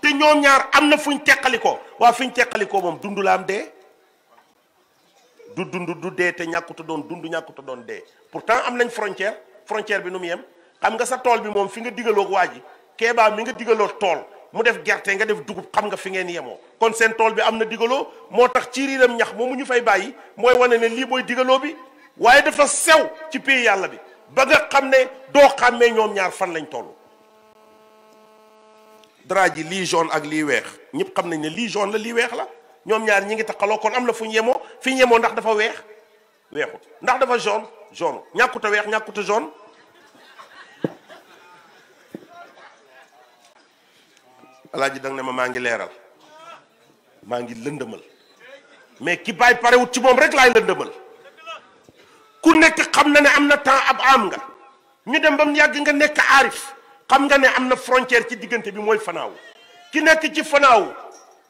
te ñoom ñaar am na fu ñu teqalikoo waa fuñ teqalikoo moom dund la am dee du dund du dee te ñàkkut doon dund ñàkkuta doon dee pourtant am nañ frontière frontière bi nu mu yem xam nga sa tool bi moom fi nga digaloog waa ji keebaa mi nga digaloog tool mu def gerte nga def dugub xam nga fi ngeen yemoo kon seen tool bi am na digaloo moo tax ci riiram ñax moomu ñu fay bàyyi mooy wane ne lii mooy digaloo bi waaye dafa sew ci pays yàlla bi ba nga xam ne doo xàmmee ñoom ñaar fan lañ toll. dara ji lii jaune ak lii weex ñëpp xam nañ ne lii jaune la lii weex la ñoom ñaar ñi ngi taxaloo kon am na fu ñu yemoo fi ñu yemoo ndax dafa weex weexut ndax dafa jaune jaune ñàkkut a weex ñàkkut a jaune alaaji dang ne ma maa ngi leeral maa ngi lëndëmal mais ki bàyyi parewut ci moom rek laay lëndëmal ku nekk xam na ne am na temps ab am nga ñu dem ba mu yàgg nga nekk aarif xam nga ne am na frontière ci diggante bi mooy fanaaw ki nekk ci fanaaw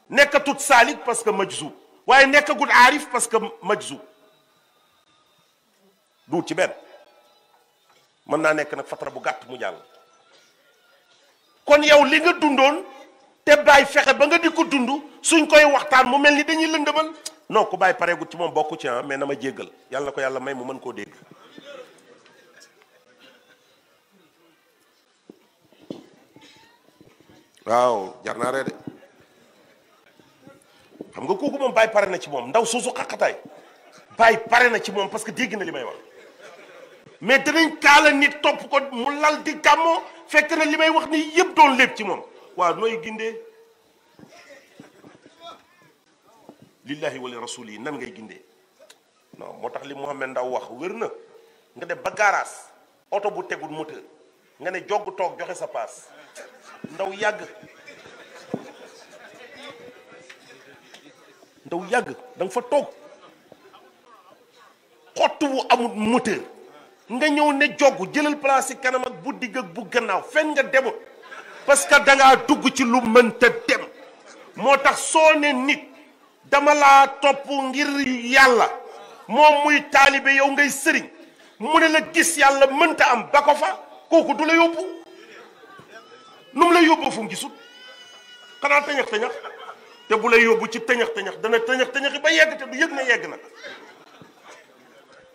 nekkatut saalik parce que majzub waaye nekkagul aarif parce que majzub duut ci benn mën naa nekk nag fatara bu gàtt mu jàll kon yow li nga dundoon te bàyyi fexe ba nga di ko dund suñ koy waxtaan mu mel ni dañuy lëndëmal non ku bàyyi pareegut ci moom bokku ci ah mais na ma jéggal yàlla na ko yàlla may mu mën koo dégg. waaw jar de xam nga kooku moom bàyyi pare na ci moom ndaw suusu xaqataay bàyyi pare na ci moom parce que dégg na li may wax mais danañ kaala nit topp ko mu lal di gàmmoo fekk na li may wax nii yëpp doon lépp ci moom. waa nooy gindee lillahi wala rasul yi nan ngay gindee non moo tax li mu Mouhamed Ndaw wax wér na nga def ba gaaraas oto bu tegul moteur nga ne jogg toog joxe sa paas ndaw yàgg ndaw yàgg danga fa toog xott wu amul moteur nga ñëw ne jogg jëlal place ci kanam ak bu digg ak bu gannaaw fenn nga demut parce que da ngaa dugg ci lu mënta dem moo tax soo ne nit dama laa topp ngir yàlla moom muy taalibe yow ngay sëriñ mu ne la gis yàlla mënta am ba ko fa kooku du la yóbbu nu mu la yóbbu fu mu gisul xanaa tëñax tëñax te bu lay yóbbu ci tëñax tëñax dana tëñax tëñaxi ba yegg te du yëg na yegg na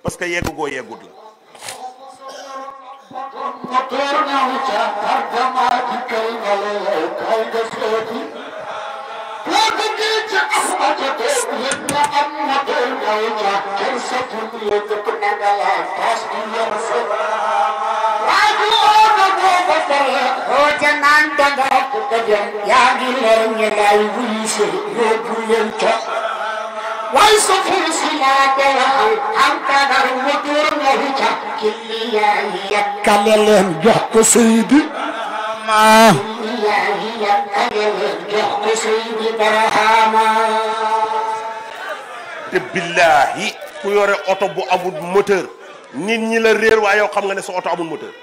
parce que yegg goo yeggut la مطير نوشا ترجماتك الملوك هيدا سيدي وبقيت أحمد تسلم أمة الغيرة كرسة يدك نقلا تسلية Jangan tanggap kerja yang dilengkapi wisi, lebih lengkap. ويصفر صلاته عن قدر ودونه كاللياهية كالليهم جحك سيدي ما كاللياهية كالليهم جحك سيدي برهاما billahi ku yore oto bu amul moteur nit ñi la réer waaye yow xam nga ne sa oto amul moteur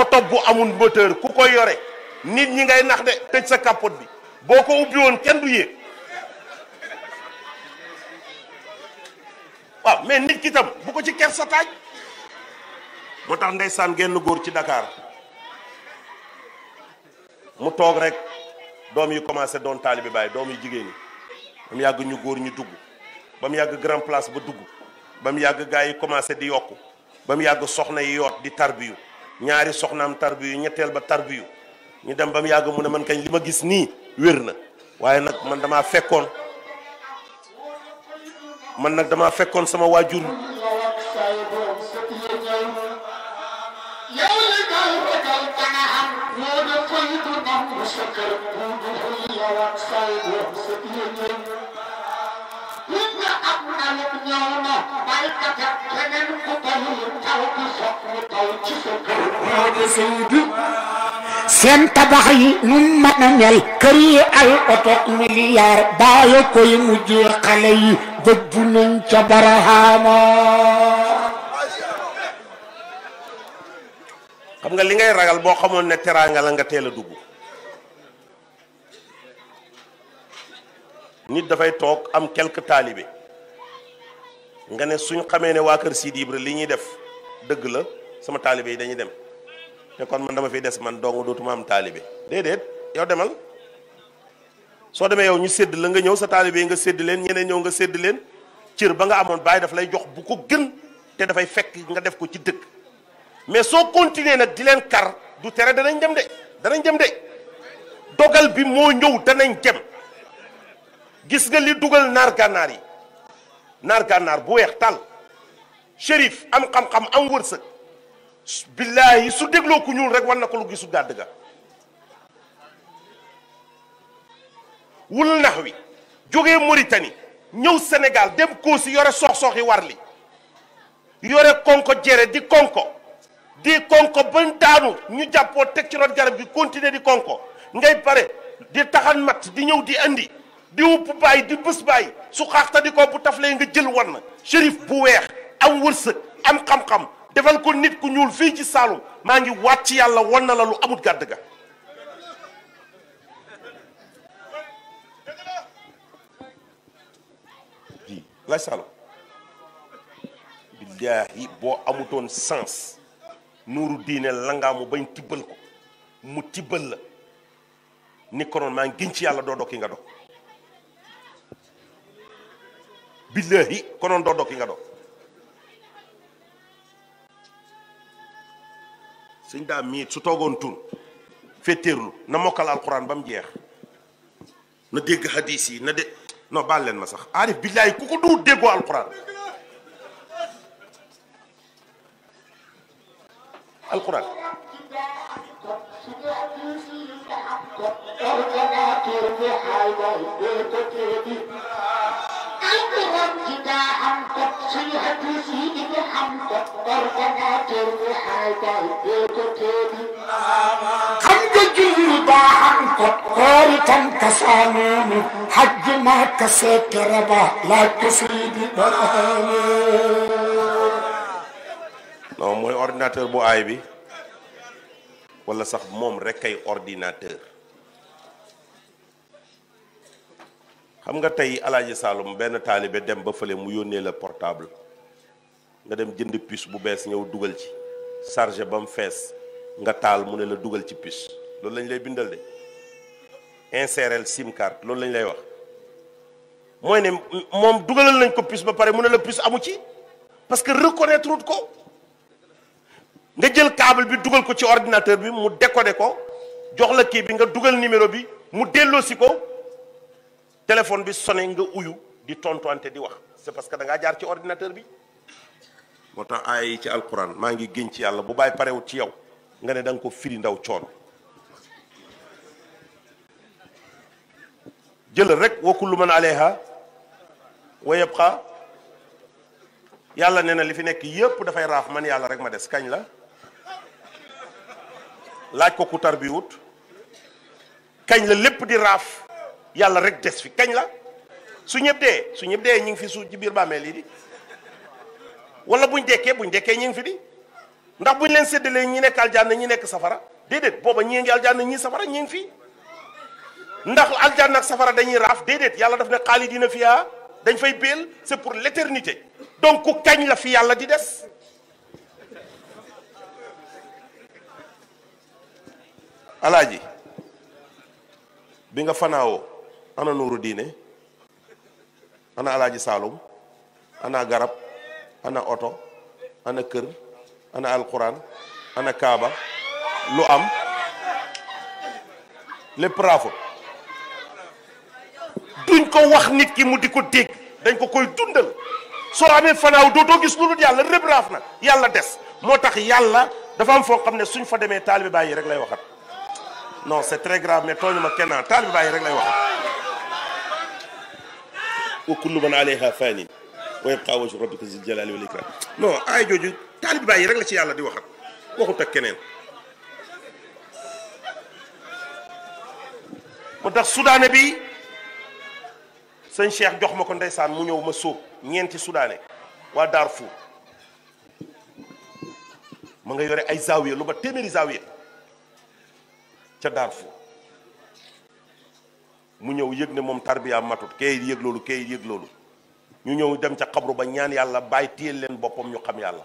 oto bu amul moteur ku ko yore nit ñi ngay nax de tëj sa capote bi boo ko ubbi woon kenn du yéeg waaw mais nit ki tam bu ko ci kersa taaj moo tax ndeysaan genn góor ci dakaar mu toog rek doom yi commencé doon taalibi Baay doom yu jigéen ñi ba mu yàgg ñu góor ñu dugg ba mu yàgg grand place ba dugg ba mu yàgg gars yi commencé di yokku ba mu yàgg soxna yi yoot di tarbiyu ñaari soxnaam tarbiyu ñetteel ba tarbiyu ñu dem ba mu yàgg mu ne man kañ li ma gis nii wér na waaye nag man dama fekkoon man nag dama fekkoon sama waajur seen tabax yi nu mën a mel kër yi ay oto milliard baayo koy mujjee xale yi dëbb nañ ca barahaama xam nga li ngay ragal boo xamoon ne teraanga la nga teel a dugg nit dafay toog am quelque taalibe nga ne suñ xamee ne waa kër Sidi Ibra li ñuy def dëgg la sama taalibe yi dañuy dem kon man dama fi des man dong dootuma am taalibe déedéet yow demal soo demee yow ñu sédd la nga ñëw sa taalibe yi nga sédd leen ñeneen ñëw nga sédd leen cër ba nga amoon bàyyi dafa lay jox bu ko gën te dafay fekk nga def ko ci dëkk mais soo continuer nag di leen kar du tere danañ dem de danañ dem de dogal bi moo ñëw danañ dem gis nga li dugal naar gànnaar yi naar gànnaar bu weex tàll shérif am xam-xam am wërsëg billaahi su dégloo ku ñuul rek war na ko lu gisu gàdd ga wul nax wi jógee Mauritanie ñëw Sénégal dem Koosi yore sox-soxi war li yore konko jere di konko di konko bañ daanu ñu jàppoo teg ci root garab gi continuer di konko ngay pare di taxan mat di ñëw di indi di wupp bàyyi di bés bàyyi su xaaxta di ko bu taf lay nga jël war na shérif bu weex am wërsëg am xam-xam defal ko nit ku ñuul fii ci Saalum maa ngi waat ci yàlla won na la lu amut gàdd ga ji Saalum billaahi boo amutoon sens nuuru diine langaamu bañ tibbal ko mu tibbal la ni ko maa ngi giñ ci yàlla doo dokki nga dog billaahi konoon doo dokki nga dog sëñ daam mii su toogoon tun féetéerlu na mokkal alxuraan ba mu jeex na dégg hadis yi na de non baal leen ma sax aarif billaay ku ko duut déggoo alxuraan ذكرا إذا أنتم صيحة سيدك أنتم أرغنا ترمي حاجة بيتك حمد جيدا أنتم غارتا تسامين حج ما تسكر لا تسيد non mooy ordinateur bu aay bi wala sax moom rek kay ordinateur xam nga tey alaaji Saloum benn taalibe dem ba fële mu yónnee la portable nga dem jënd puce bu bees ñëw dugal ci chargé ba mu fees nga taal mu ne la dugal ci puce loolu lañ lay bindal de insérer sim carte loolu lañ lay wax mooy ne moom dugalal nañ ko puce ba pare mu ne la puce amu ci parce que reconnaître wut ko nga jël câble bi dugal ko ci ordinateur bi mu décoder ko jox la kii bi nga dugal numéro bi mu delloosi ko téléphone bi sonné nga uyu di tontuwante di wax c'est parce que da jaar ci ordinateur bi moo tax aaya yi ci alquran maa ngi génn ci yàlla bu bàyyi parewut ci yow nga ne da ko firi ndaw coon jëlal rek wa kullu man aleyha wa yabqa yàlla nee na li fi nekk yépp dafay raaf man yàlla rek ma des kañ la laaj ko ku tar wut kañ la lépp di raaf yàlla rek des fi kañ la su ñëpp dee su ñëpp dee ñu ngi fi suuf ci biir bàmmeel yi di wala buñ dekkee buñ dekkee ñu ngi fi di ndax buñ leen séddalee ñi nekk na ñi nekk safara déedéet booba ñii ngi aljanna ñii safara ñi ngi fi ndax aljanna ak safara dañuy raaf déedéet yàlla def na xaalidina fiha dañ fay béel c'est pour l'éternité donc kañ la fi yàlla di des alaaji bi nga fanaawoo ana nuuru diine ana alaaji saalum ana garab ana oto ana kër ana alquran ana kaaba lu am lépp raafu duñ ko wax nit ki mu di ko dégg dañ ko koy dundal soo amee fanaaw dootoo gis lu dul yàlla rëbb raaf na yàlla des moo tax yàlla dafa am foo xam ne suñ fa demee taalibe bàyyi rek lay waxat non c'est très grave mais tooñu ma kenn taalibe bàyyi rek lay waxat wa kullu man alayha fanin wa yabqa wajhu rabbika zil jalali wal ikram non aay jooju taalib bàyyi rek la ci yàlla di waxat waxut ak keneen mu tax sudaane bi sëñ Cheikh jox ma ko ndeysaan mu ñëw ma sóob ñeenti sudaane waa Darfour ma nga yore ay zaawiya lu ba téeméeri zaawiya ca Darfour mu ñëw yëg ne moom tarbiya matut kee yëg loolu kee yëg loolu ñu ñëw dem ca xabru ba ñaan yàlla bàyyi téyel leen boppam ñu xam yàlla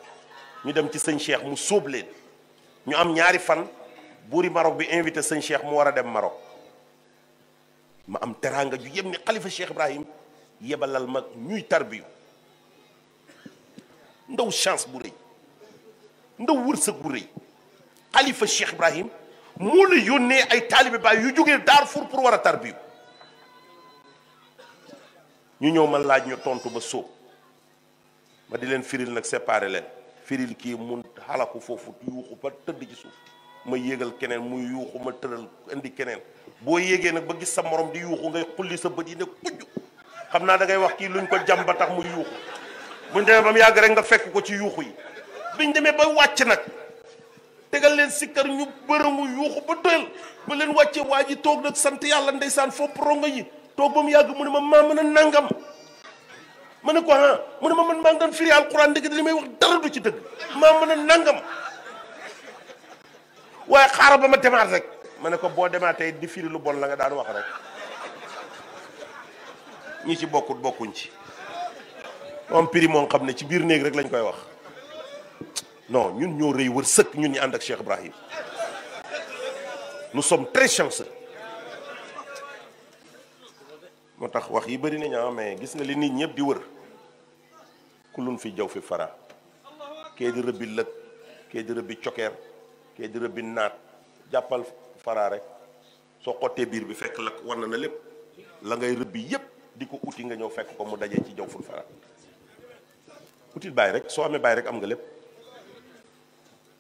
ñu dem ci sëñ Cheikh mu sóob leen ñu am ñaari fan buuri Maroc bi invité sëñ Cheikh mu war a dem Maroc ma am teraanga ju yem ni xalifa Cheikh Ibrahim yebalal mag ñuy tarbiyu ndaw chance bu rëy ndaw wërsëg bu rëy xalifa Cheikh Ibrahim moo la yónnee ay taalibe baay yu jógee Darfour pour war a tarbiyu ñu ñëw ma laaj ñu tontu ba sóob ma di leen firil nag séparé leen firil kii mun xalaku foofu yuuxu ba tëdd ci suuf ma yéegal keneen mu yuuxu ma tëral indi keneen boo yéegee nag ba gis sa morom di yuuxu ngay xulli sa bët yi ne kujj xam naa da ngay wax kii luñ ko jam ba tax mu yuuxu buñ demee ba mu yàgg rek nga fekk ko ci yuuxu yi biñ demee ba wàcc nag tegal leen sikkar ñu bërëmu yuuxu ba tël ba leen wàccee waa ji toog nag sant yàlla ndeysaan fopp ronga yi toog ba mu yàgg mu ma maa mën a nangam ma ne ko ah mu ne ma man maa ngi doon firi alquran dëgg li may wax dara du ci dëgg maa mën a nangam waaye xaaral ba ma demaat rek ma ne ko boo demaatee di firi lu bon la nga daan wax rek ñi ci bokkut bokkuñ ci moom piri moom xam ne ci biir néeg rek lañ koy wax non ñun ñoo rëy wër sëkk ñun ñu ànd ak Cheikh Ibrahim nous sommes très moo tax wax yi bari nañu ah, mais gis nga li nit ñëpp di wër kulun fi jaw fi fara kee di rëbbi lëg kee di rëbbi cokeer kee di rëbbi naat jàppal fara rek soo xottee biir bi fekk la war na na lépp la ngay rëbbi yépp di ko uti nga ñëw fekk ko mu dajee ci jaw ful fara util bàyyi rek soo amee bàyyi rek am nga lépp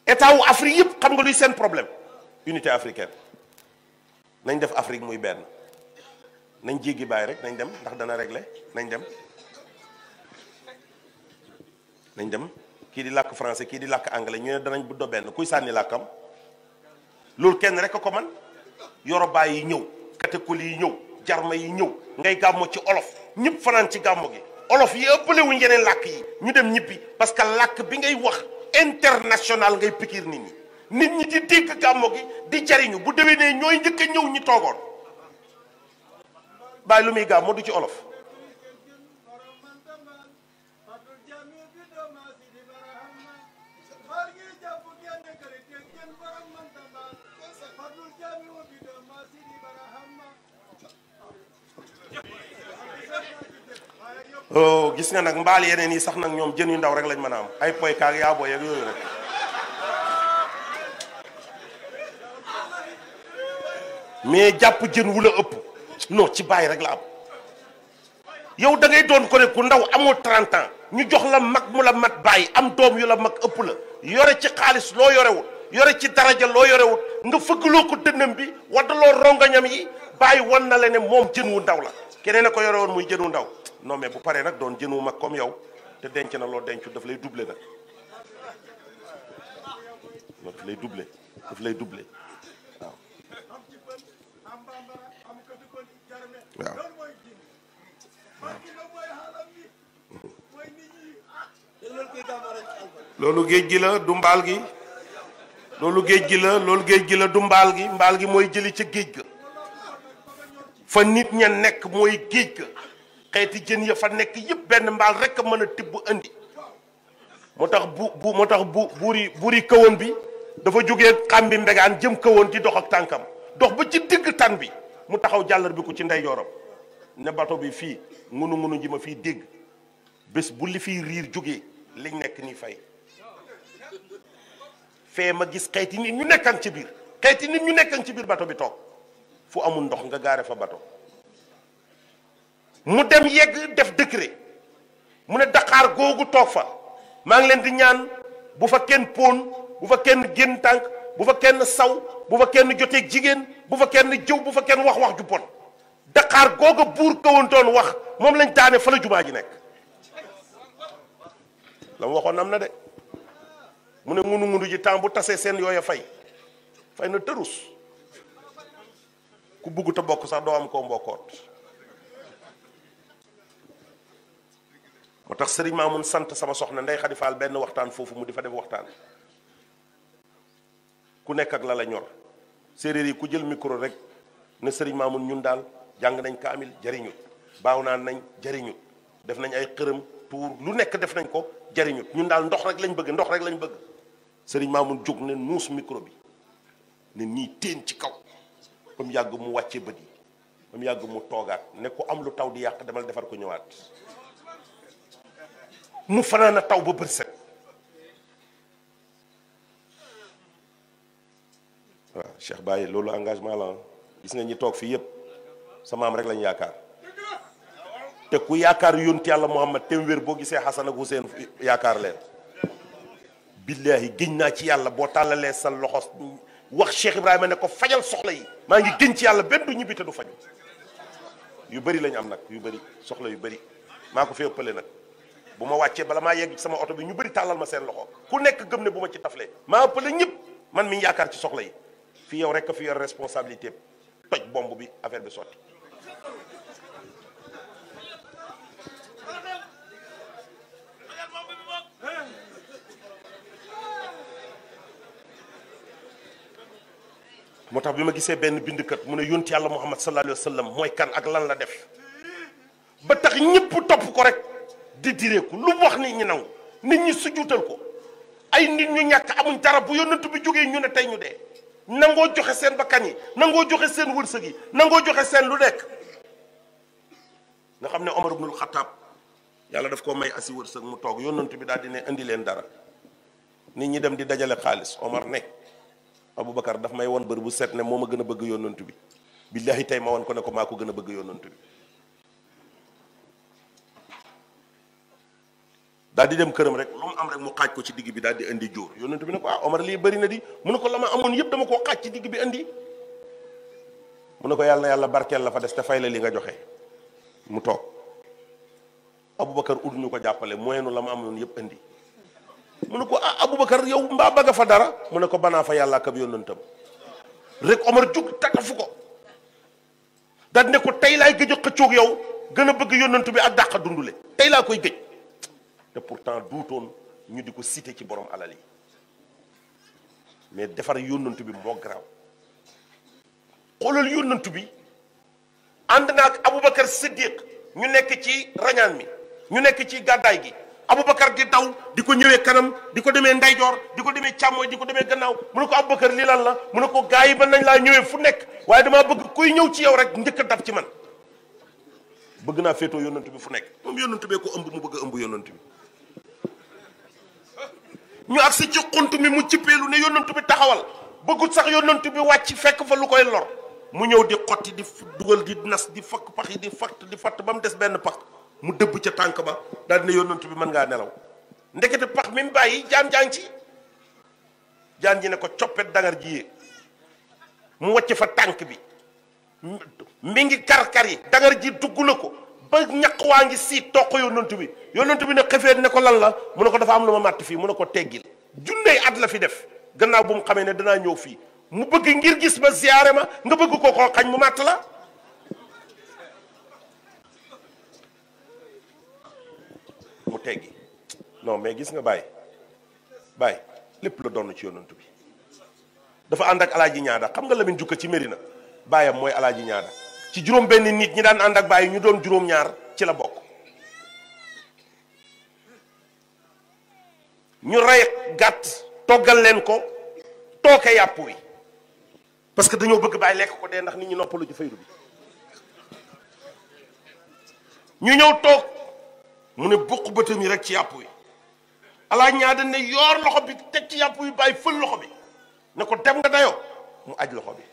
état Afrique yëpp xam nga luy seen problème unité africaine nañ def Afrique muy benn nañ jéggi bàyyi rek nañ dem ndax dana réglé nañ dem nañ dem kii di làkk français kii di làkk anglais ñu danañ bu do benn kuy sànni làkkam loolu kenn rek ko man yorobaay yi ñëw katekul yi ñëw jarma yi ñëw ngay gàmmo ci olof ñëpp fanaan ci gàmmo gi olof yi ëppale wuñ yeneen làkk yi ñu dem ñibbi parce que làkk bi ngay wax international ngay pikiir nit ñi nit ñi di dégg gàmmo gi di jariñu bu déwénee ñooy njëkk ñëw ñi toogoon bàyyi lu muy gaaw moo du ci olof oh gis nga nag mbaal yeneen yi sax nag ñoom jën yu ndaw rek lañ mën a am ay poy kaag yaa booy yooyu rek mais jàpp jën wu la ëpp non ci bàyyi rek la am yow da ngay doon ko ne ku ndaw amoo 30 ans ñu jox la mag mu la mat bàyyi am doom yu la mag ëpp la yore ci xaalis loo yorewul yore ci daraja loo yorewul nga loo ko dënnam bi waddaloo rongañam yi bàyyi wan na la ne moom jën wu ndaw la keneen a ko yore woon muy jën wu ndaw non mais bu paree nag doon jën wu mag koom yow te denc na loo dencu daf lay duble nag daf lay duble daf lay duble loolu géej gi la du mbaal gi loolu géej gi la loolu géej gi la du mbaal gi mbaal gi mooy jëli ca géej ga fa nit ña nekk mooy géej ga xeeti jën ya fa nekk yépp benn mbaal rek a mën a tibb indi moo tax bu bu moo tax bu buuri buuri kawoon bi dafa jóge xam bi mbegaan jëm kawoon di dox ak tànkam dox ba ci digg tan bi mu taxaw jàllar ko ci ndeyjooram ne bato bi fii ngunu ngunu ji ma fiy dégg bés bu li fi riir jóge liñ nekk ni fay fee ma gis xeeti nit ñu nekkan ci biir xeeti nit ñu nekkan ci biir bato bi toog fu amul ndox nga gaare fa bato mu dem yegg def décret mu ne Dakar googu toog fa maa ngi leen di ñaan bu fa kenn pon bu fa kenn génn tànk bu fa kenn saw bu fa kenn jotee jigéen bu fa kenn jëw bu fa kenn wax wax ju bon Dakar googa buur kawoon doon wax moom lañ taane fa la jumaa ji nekk la mu waxoon am na de mu ne ngunu ngunu ji temps bu tasee seen yooya fay fay na tërus ku bugg te bokk sax doo am koo mbokkoot moo tax sëriñ mun sant sama soxna Ndey Xadi Faal benn waxtaan foofu mu di fa def waxtaan ku nekk ak la la ñor séeréer yi ku jël micro rek ne sëriñ Mamoun ñun daal jàng nañ kaamil jariñut baaw naa nañ jariñut def nañ ay xërëm tuur lu nekk def nañ ko jariñut ñun daal ndox rek lañ bëgg ndox rek lañ bëgg sëriñ Mamoun jóg ne nuus mikro bi ne nii teen ci kaw ba yàgg mu wàccee bët yi ba yàgg mu toogaat ne ku am lu taw di yàq demal defar ko ñëwaat mu fanaan taw ba bërset waaw Cheikh bàyyi loolu engagement la gis nga ñi toog fii yëpp sama am rek lañ yaakaar te ku yaakaar yoon yonent yàlla Muhammad tem wér boo gisee Xasan ak Hussein yaakaar leen. billahi géñ naa ci yàlla boo tàllalee sa loxo wax Cheikh Ibrahima ne ko fajal soxla yi. maa ngi géñ ci yàlla benn du ñibbi te du faju yu bari lañ am nag yu bari soxla yu bari maa ko fi ëppale nag. bu ma wàccee bala maa yegg sama oto bi ñu bëri tàllal ma seen loxo ku nekk gëm ne bu ma ci taflee maa ëppale ñëpp man mi yaakaar ci soxla yi fi yow rek a fi yor responsabilité toj bomb bi affaire bi sotti moo tax bi ma gisee benn bindkat mu ne yonent yàlla Muhammad sallallahu alayhi wa mooy kan ak lan la def ba tax ñëpp topp ko rek di direeku lu wax nit ñi nangu nit ñi sujuutal ko ay nit ñu ñàkk amuñ dara bu yonent bi jógee ñu ne tey ñu dee nangoo joxe seen bakkan yi nangoo joxe seen wërsëg yi nangoo joxe seen lu nekk nga xam ne Omar ibnul Xataab yàlla daf ko may asi wërsëg mu toog yonent bi daal di ne indi leen dara nit ñi dem di dajale xaalis Omar ne Aboubacar daf may won bër bu set ne moo ma gën a bëgg yonent bi billahi tey ma won ko ne ko maa ko gën a bëgg yonent bi daal di dem këram rek lu am rek mu xaaj ko ci digg bi daal di indi jóor yonent bi ne ko ah Omar lii bëri na di mu ne ko la ma amoon yëpp dama koo xaaj ci digg bi indi mu ne ko yàlla na yàlla barkeel la fa des te fay la li nga joxe mu toog Aboubacar ut ñu ko jàppale moyenu la ma amoon yëpp indi mu ne ko ah yow mbaa fa dara mu ne ko banaa fa yàlla ak ab yonentam rek Omar jug takafu ko daal ne ko tey laay gëj a xëccoog yow gën a bëgg yonent bi ak dàqa dundule tey laa koy gëj. te pourtant duutoon ñu di ko cité ci borom alal yi mais defar yónnantu bi moo garaaw xoolal yónnantu bi ànd na ak Aboubacar Siddiq ñu nekk ci rañaan mi ñu nekk ci gàddaay gi Aboubacar di daw di ko ñëwee kanam di ko demee ndeyjoor di ko demee càmmooy di ko demee gannaaw mu ne ko Aboubacar lii lan la mu ne ko gars yi mën nañ laa ñëwee fu nekk waaye damaa bëgg kuy ñëw ci yow rek njëkk daf ci man bëgg naa féetoo yónnantu bi fu nekk moom yónnantu bee ko ëmb mu bëgg a ëmb ñu agsi ci xunt mi mu lu ne yonent bi taxawal bëggut sax yonent bi wàcc fekk fa lu koy lor mu ñëw di xotti di dugal di nas di fakk pax yi di fatt di fatt ba mu des benn pax mu dëbb ca tànk ba dal daal ne yonent bi mën ngaa nelaw ndekete pax mi mu bàyyi jaan jaan ci jaan ji ne ko coppet dangar ji yee mu wàcc fa tànk bi mi ngi kar kar yi dangar ji dugg la ko ba ñaq waa ngi siit toq yonent bi yonent bi ne xefeet ne ko lan la mu ne ko dafa am lu ma màtt fii mu ne ko teggil junney at la fi def gannaaw bu mu xamee ne danaa ñëw fii mu bëgg ngir gis ma ziyaare ma nga bëgg ko koo xañ mu màtt la mu teggi non mais gis nga bàyyi bàyyi lépp la doon ci yonent bi dafa ànd ak alaaji ñaada xam nga Lamine jukka ci Mérina baayam mooy alaaji ñaada ci juróom benn nit ñi daan ànd ak bàyyi ñu doon juróom ñaar ci la bokk ñu rey gàtt toggal leen ko tooke yàpp wi parce que dañoo bëgg bàyyi lekk ko dee ndax nit ñi noppalu ci faydu bi ñu ñëw toog mu ne bokk bëtam yi rek ci yàpp wi alaa ñaa dañ ne yoor loxo bi teg ci yàpp wi bàyyi fël loxo bi ne ko dem nga dayoo mu aj loxo bi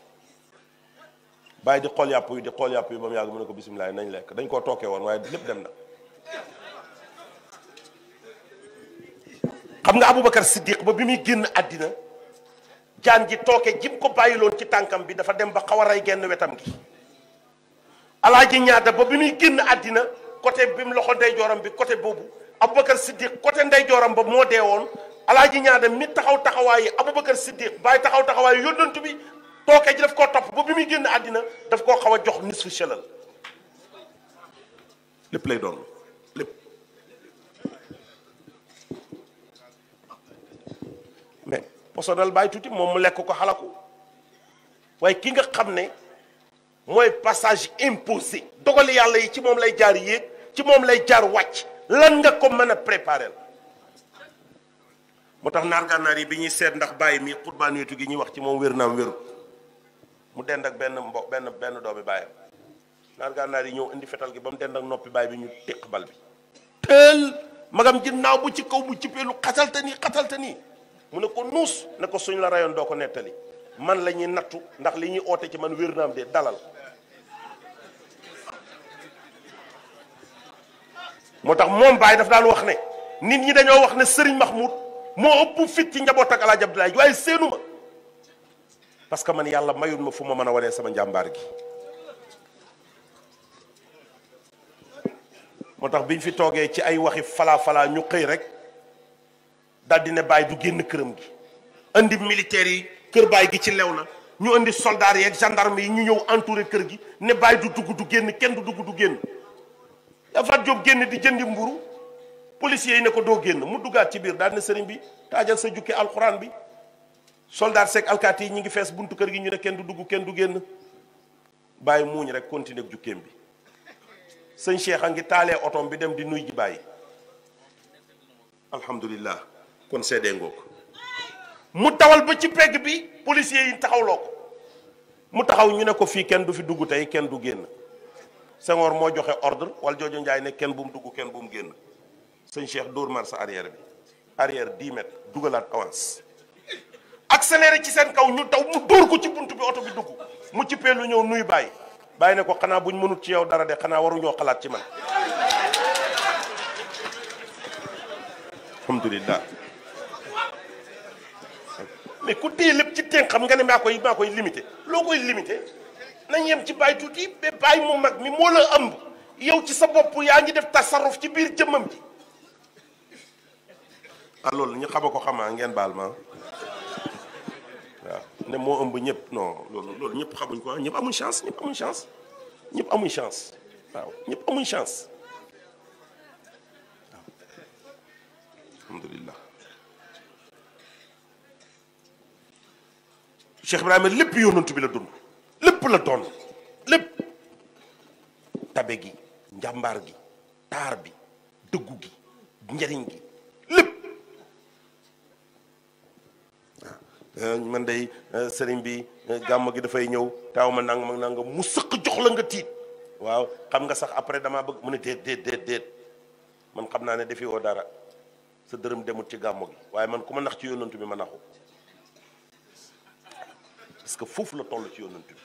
bàyyi di xool yàpp yi di xool yàpp yi ba mu yàgg mu ne ko bisimilah nañ lekk dañ koo tookee woon waaye lépp dem na xam nga abu Aboubacar Siddiq ba bi muy génn àddina jaan ji tooke jim ko bàyyiloon ci tànkam bi dafa dem ba xaw a rey genn wetam gi alaaji ñaata ba bi muy génn àddina côté bi mu loxo ndeyjooram bi côté boobu Aboubacar Siddiq côté ndeyjooram ba moo dee woon alaaji ñaata mi taxaw taxawaay taxawaayu Aboubacar Siddiq bàyyi taxaw taxawaayu yónnantu bi tooke ji daf koo topp boobu bi muy génn àddina daf koo xaw a jox nisfu chelal lépp lay doon lépp mais posonal bàyyi tuuti moom mu lekk ko xalaku waaye ki nga xam ne mooy passage imposé dogal yàlla yi ci moom lay jaar yéeg ci moom lay jaar wàcc lan nga ko mën a préparer moo tax naar gànnaar yi bi ñuy seet ndax bàyyi mi xutbaan wetu gi ñuy wax ci moom wér naa wéru mu dend ak benn mbo benn benn doomi bàyyam naar gànnaar yi ñëw indi fetal gi ba mu dend ak noppi baay bi ñu téq bal bi tël magam ji naaw bu ci kaw bu ci peelu xasalte nii xasalte nii mu ne ko nuus ne ko suñ la rayoon doo ko nettali man la ñuy nattu ndax li ñuy oote ci man wér naam de dalal moo tax moom baay daf daan wax ne nit ñi dañoo wax ne Serigne Mahmoud moo ëpp fit ci njaboot ak El Hadj Abdoulaye waaye seenu parce que man yàlla mayul ma fu ma mën a wanee sama njàmbaar gi moo tax ñu fi toogee ci ay waxi falaa falaa ñu xëy rek daal di ne bàyyi du génn këram gi indi militaires yi kër baay gi ci lew na ñu indi soldats yeeg gendarme yi ñu ñëw entouré kër gi ne bàyyi du dugg du génn kenn du dugg du génn Yavaat Diop génn di jëndi mburu policiers yi ne ko doo génn mu duggaat ci biir daal sëriñ bi taajal sa jukki alxuraan bi soldat seeg alkaati yi ñu ngi fees buntu kër gi ñu ne kenn du dugg kenn du génn bàyyi muuñ rek continuer ak jukkeem bi sëñ Cheikh a ngi taalee otoom bi dem di nuy ji bàyyi alhamdulilah kon seedee ngoo mu dawal ba ci pegg bi policiers yi taxawloo ko mu taxaw ñu ne ko fii kenn du fi dugg tey kenn du génn Senghor moo joxe ordre wala joojo Njaay ne kenn bu mu dugg kenn bu mu génn sëñ Cheikh door marche arrière bi arrière 10 mètres dugalaat avance accéléré ci seen kaw ñu taw mu dóor ko ci bunt bi oto bi dugg mu ci lu ñëw nuy bàyyi bàyyi ne ko xanaa buñ mënut ci yow dara de xanaa waruñoo xalaat ci man alhamdulillah mais ku téye lépp ci teen xam nga ne maa koy maa koy limité loo koy limité nañ yem ci bàyyi tuuti ba bàyyi mu mag mi moo la ëmb yow ci sa bopp yaa ngi def tasaruf ci biir jëmmam ji ah loolu ñu xama ko xamaa ngeen baal ma ne moo ëmb ñëpp non loolu loolu ñëpp xamuñ ko ñëpp amuñ chance ñëpp amuñ chance ñëpp amuñ chance waaw ñëpp amuñ chance waaw alhamdulilah lépp yonantu bi la dund lépp la doon lépp tabe gi njàmbaar gi taar bi dëggu gi njariñ gi Euh, man day euh, sëriñ bi euh, gàmm gi dafay ñëw taaw ma nangam ak nangam mu sëq jox la nga tiit waaw xam nga sax après damaa bëgg mu ne déet déet déet man xam naa ne defi woo dara sa dërëm demut ci gàmmu gi waaye man ku ma nax ci yónnantu bi ma naxu que foofu la toll ci yónnantu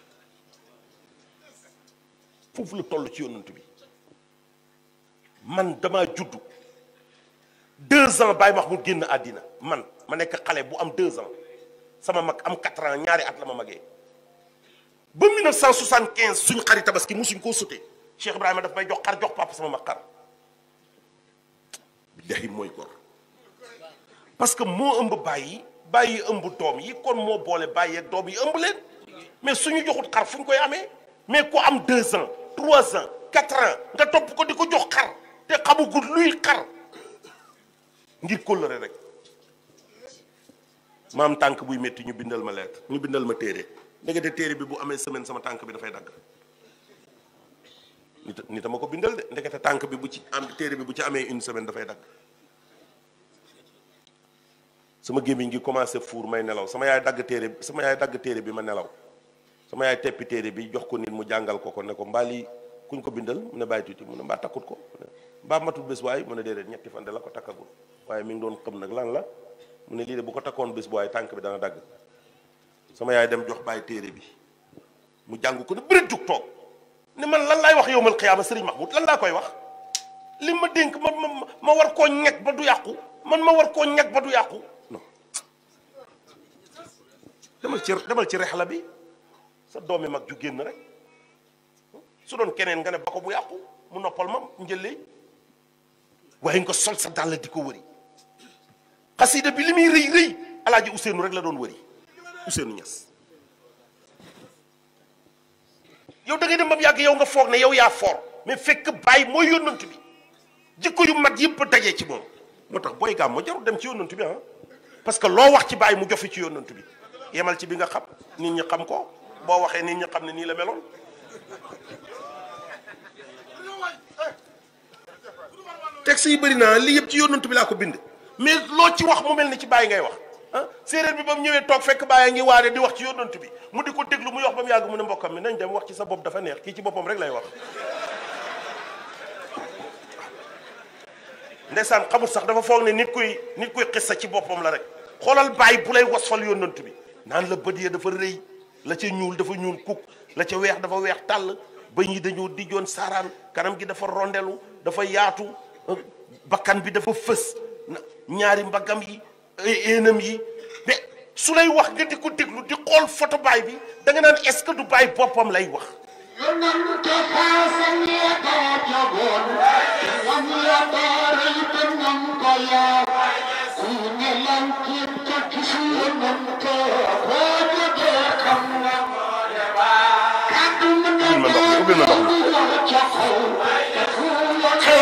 bi toll ci yónnantu bi man damaa judd deux ans Baye Mahmoud génn àddina man ma nekk xale bu am deux ans sama mag am 4 ñaari at la ma magee ba 1975 suñ xari tabaski suñ koo sutee Cheikh Ibrahima daf may jox xar jox papa sama mag xar billahi mooy gor parce que moo ëmb bàyyi bàyyi ëmb doom yi kon moo boole bàyyi ak doom yi ëmb leen mais suñu joxut xar fu ñu koy amee mais ku am 2 ans 3 ans 4 ans nga topp ko di ko jox xar te xamugul luy xar ngir kóllëre rek. ma am tànk buy métti ñu bindal ma lettre ñu bindal ma téere ndekete téere bi bu amee semaine sama tànk bi dafay dagg nit nit ma ko bindal de ndekete tànk bi bu ci am téere bi bu ci amee une semaine dafay dagg sama gémmiñ gi commencé fuur may nelaw sama yaay dagg téere sama dagg téere bi ma nelaw sama yaay teppi téere bi jox ko nit mu jàngal ko ko ne ko mbaali kuñ ko bindal mu ne bàyyi tuuti mu ne mbaa takkut ko mbaa matul bés waaye mu ne déedéet ñetti fan de la ko takkagul waaye mi ngi doon nag lan la mu ne lii de bu ko takkoon bis bu waaye tànk bi dana dagg sama yaay dem jox bàyyi téere bi mu jàng ko ne bëri jug toog ne man lan laay wax yowmal xiyaama sëriñ Mahmoud lan laa koy wax li ma dénk ma ma ma war koo ñeg ba du yàqu man ma war koo ñeg ba du yàqu non demal ci demal ci rexla bi sa doom doomi mag ju génn rek su doon keneen nga ne ba ko bu yàqu mu noppal ma njëllee waaye nga sol sa dàll di ko wëri xasida bi li muy rëy rëy alaaji Ousseynou rek la doon wëri Ousseynou Niass yow da ngay dem ba yàgg yow nga foog ne yow yaa foor mais fekk bàyyi mooy yónnant bi jikko yu mat yëpp dajee ci moom moo tax booy gàmm ma jarul dem ci yónnant bi ah parce que loo wax ci bàyyi mu jofi ci yónnant bi yemal ci bi nga xam nit ñi xam ko boo waxee nit ñi xam ne nii la meloon texte yi bari naa lii yëpp ci yónnant bi laa ko bind mais loo ci wax mu mel ni ci bàyyi ngay wax ah séeréer bi ba mu ñëwee toog fekk bàyyi ngi waare di wax ci yonent bi mu di ko déglu muy mu yàgg mu ne mbokkam mi nañ dem wax ci sa bopp dafa neex kii ci boppam rek lay wax sax dafa foog ne nit kuy nit kuy xissa ci boppam la rek xoolal bàyyi bu lay wasfal yonent bi naan la bët yee dafa rëy la ca ñuul dafa ñuul kuk la ca weex dafa weex tàll bëñ yi dañoo dijjoon saaraan kanam gi dafa rondelu dafa yaatu bakkan bi dafa fës ñaari mbaggam yi éenam yi ba su lay wax nga di ko déglu di xool photo baay bi da nga naan est du baay boppam lay wax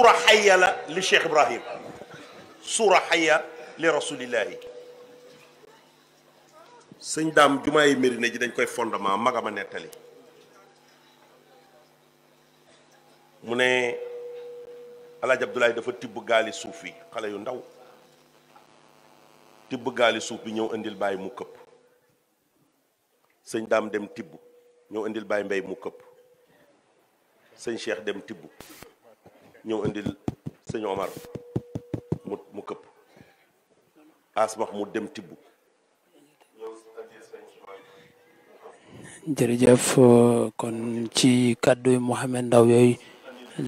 suura xayya la li Cheikh Ibrahim suura xayya li rasulillahi sëñ daam jumaayi Medina ji dañ koy fondement magama nettali mu ne alaaj Abdoulaye dafa tibb gaali suuf yi xale yu ndaw tibb gaali suuf bi ñëw indil bàyyi mu këpp sëñ daam dem tibb ñëw indil bàyyi mbay mu këpp sëñ Cheikh dem tibb ñëw indil sëñ Omar mu këpp asmax mu dem tibb jërëjëf kon ci kàddu yi Mouhamed Ndaw yooyu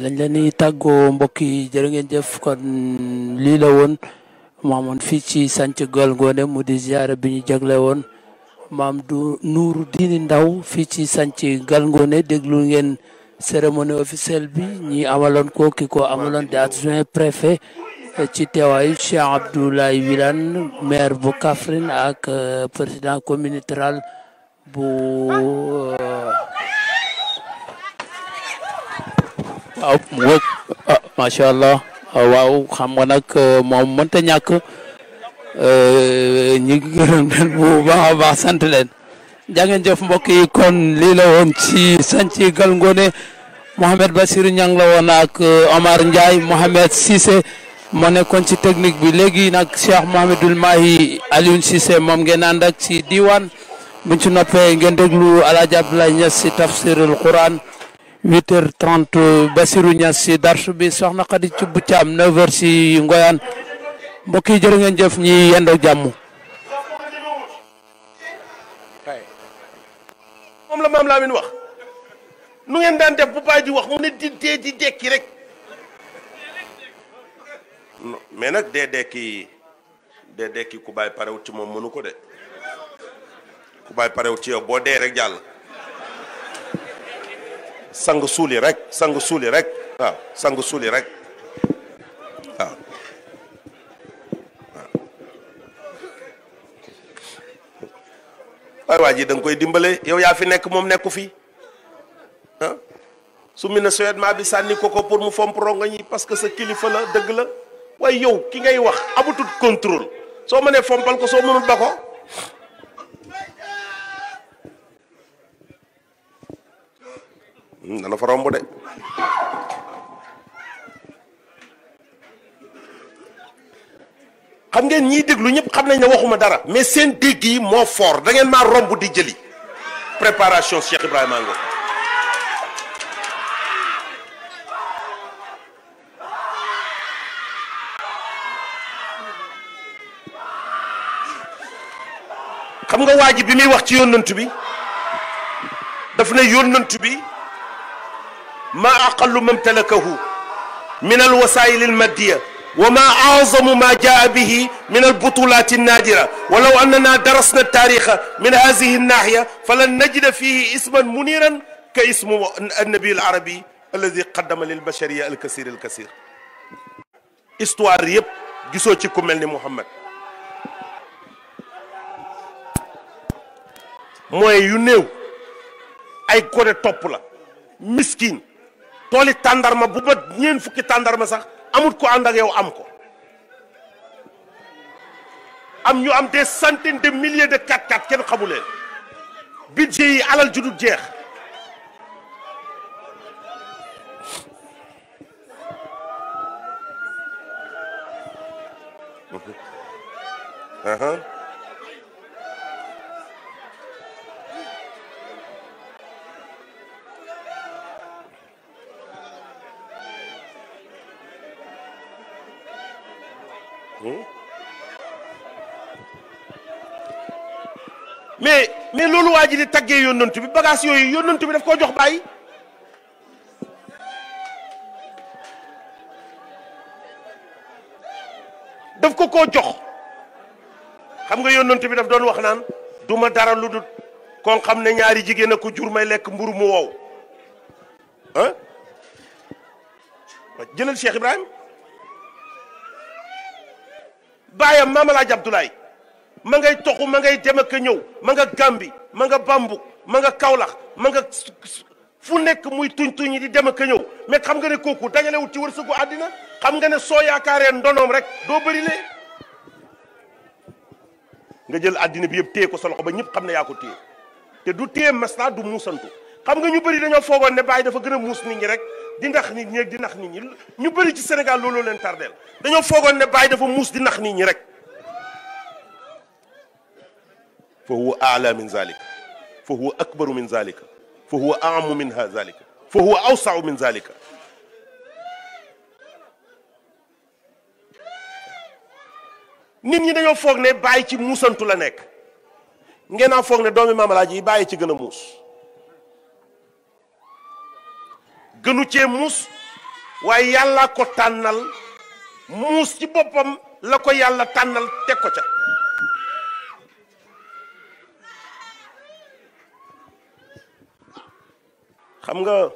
lañ la ni tàggoo mbokk yi jërë jëf kon lii la woon mu fii ci sanc Gueul Ngoné mu di jaare bi ñu jagle woon maam du nuur diini ndaw fii ci sañc Gueul Ngoné déglu ngeen cérémonie officielle bi ñi amaloon ko ki ko amaloon di adjoint préfet ci teewaayu Cheikh Abdoulaye Wilane maire bu Kaffrine ak euh, président communauté bu euh, waaw ah, macha allah ah, waaw xam nga nag euh, moom mënta ñi gërëm bu baax a baax sant jaa jëf mbokk yi kon lii la woon ci sanci Gueule Ngoné Mouhamed Bassirou Niang la woon euh, Omar Ndiaye Mouhamed Cissé moo nekkoon ci technique bi léegi nag Cheikh Mouhamadoul Mahi Alioune Cissé moom ngeen ànd ci diwaan buñ ci noppee ngeen déglu Alaaji Abdoulaye Niass ci tafsirul Quran 8h30 ci darsu bi soxna Khady Thioub Thiam 9h ci Ngoyane mbokk yi jërë jëf ñi yendoo jàmm moom la maam Lamine wax nu ngeen daan def bu baay ji wax mu ne di dee di dekki rek mais nag dee dekki dee dekki ku baay parewut ci moom mënu ko de ku baay parewut ci yow boo dee rek jàll sang suuli rek sang suuli rek waaw sang suuli rek waaye waa ji da nga koy dimbale yow yaa fi nekk moom nekku fi ah summi na suwedement bi sànni ko ko pour mu fomp rongoñ yi parce que sa kilifa la dëgg la waaye yow ki ngay wax amatut contrôle soo mënee fompal ko soo mënul ba ko hmm, dana fa romb de xam ngeen ñiy déglu ñëpp xam nañ ne waxuma dara. mais seen dégg yi moo foor da ngeen maa romb di jëli préparation Cheikh Ibrahima Ngom. xam nga waa ji bi muy wax ci yónnant bi daf ne yónnant bi ma aqallu mamtalakahu min al wasaayil al maddiya wa ma a'zamu ma jaa bihi min albutulaati nnaadira walaw annana darasna altaarixa min hadihi nnaxiya falan najida fihi isman muniran ka ismu annabi alarabi alladi qaddama lilbashariya alkasir alkasir histoire yëpp gisoo ci ku mel ni Muhammad mooy yu néew ay gone topp la miskin tooli tàndarma bu mat ñeen fukki tàndarma sax amut ko ànd ak yow am ko am ñu am des centaines de milliers de 4x4 kenn xamu leen budget yi alal ju jeex uh-huh. Hmm? mais mais loolu waa ji di taggee yónnant bi bagage yooyu yónnant bi daf ko jox bàyyi daf ko koo jox xam nga yónnant bi daf doon wax naan duma dara lu dul kon xam ne ñaari jigéen a ko jur may lekk mburu mu wow ah jëlal Cheikh Ibrahima yaayam maam Alaaji ma ngay toxu ma ngay dem ak ñëw ma nga Gàmbi ma nga Bambuk ma nga Kaolack ma nga fu nekk muy tuñ tuñ yi di dem ak ñëw mais xam nga ne kooku dajalewul ci wërsëgu àddina xam nga ne soo yaakaaree ndonoom rek doo bari le nga jël àddina bi yëpp téye ko sa loxo ba ñëpp xam ne yaa ko téye te du téye masla du muusantu xam nga ñu bari dañoo foogoon ne Baye dafa gën a muus nit ñi rek di ndax nit ñi di nax nit ñi ñu bëri ci senegal looloo leen tardeel dañoo foogoon ne Baye dafa muus di nax nit ñi rek fa huwa aala min zalika fa huwa akbaru min zalika fa huwa aamu min ha zalika fa huwa awsau min zalika nit ñi dañoo foog ne bàyyi ci muusantu la nekk ngeen a foog ne doomi maamalaaji yi bàyyi ci gën a muus gënu cee muus waaye yàlla ko tànnal muus ci boppam la ko yàlla tànnal teg ko ca xam nga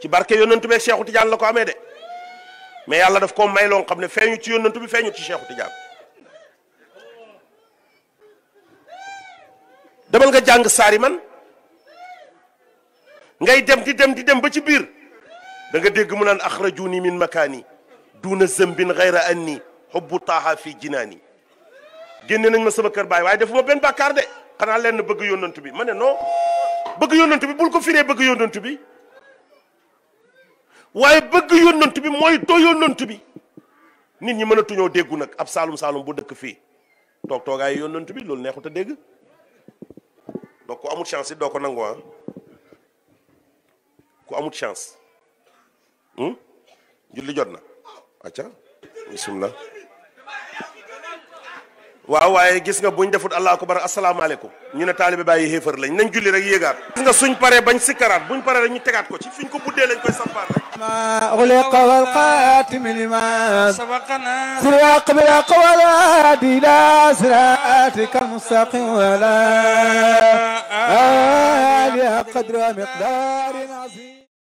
ci barke yonantu beeg Cheikhu Tidiane la ko amee de mais yàlla def koo may loo xam ne feeñu ci yonantu bi feeñu ci Cheikhu Tidiane. demal nga jàng saari man ngay dem di dem di dem ba ci biir danga dégg mu naan axrajuni min makaani duuna zambin xayra anni xubbu taaha fi jinaani génne nañ ma sama kër baay waaye defuma benn bàkkaar de. xanaa lenn bëgg yoon yónnantu bi ma ne non bëgg yónnantu bi bul ko firee bëgg yónnantu bi waaye bëgg yónnantu bi mooy doo yónnantu bi nit ñi mën mënatuñoo déggu nag ab saalum saalum bu dëkk fii toog toogaay yónnantu bi loolu neexut a dégg donc ku amul chance yi doo ko nangu ah ku amul chance hmm? julli jot na acca bismillah waaw waaye gis nga bu buñ defut allah akbar asalaamaaleykum ñu ne taalibe bàyyi xéefar lañ nañ julli rek yéegaat gis nga suñ paree bañ sikkaraat buñ paree rek ñu tegaat ko ci fiñ ko buddee lañ koy sampaat rek ma uliqa wal xaatimi lima sabaqana siraq bil aqwaladi ila siratika almustaqim wala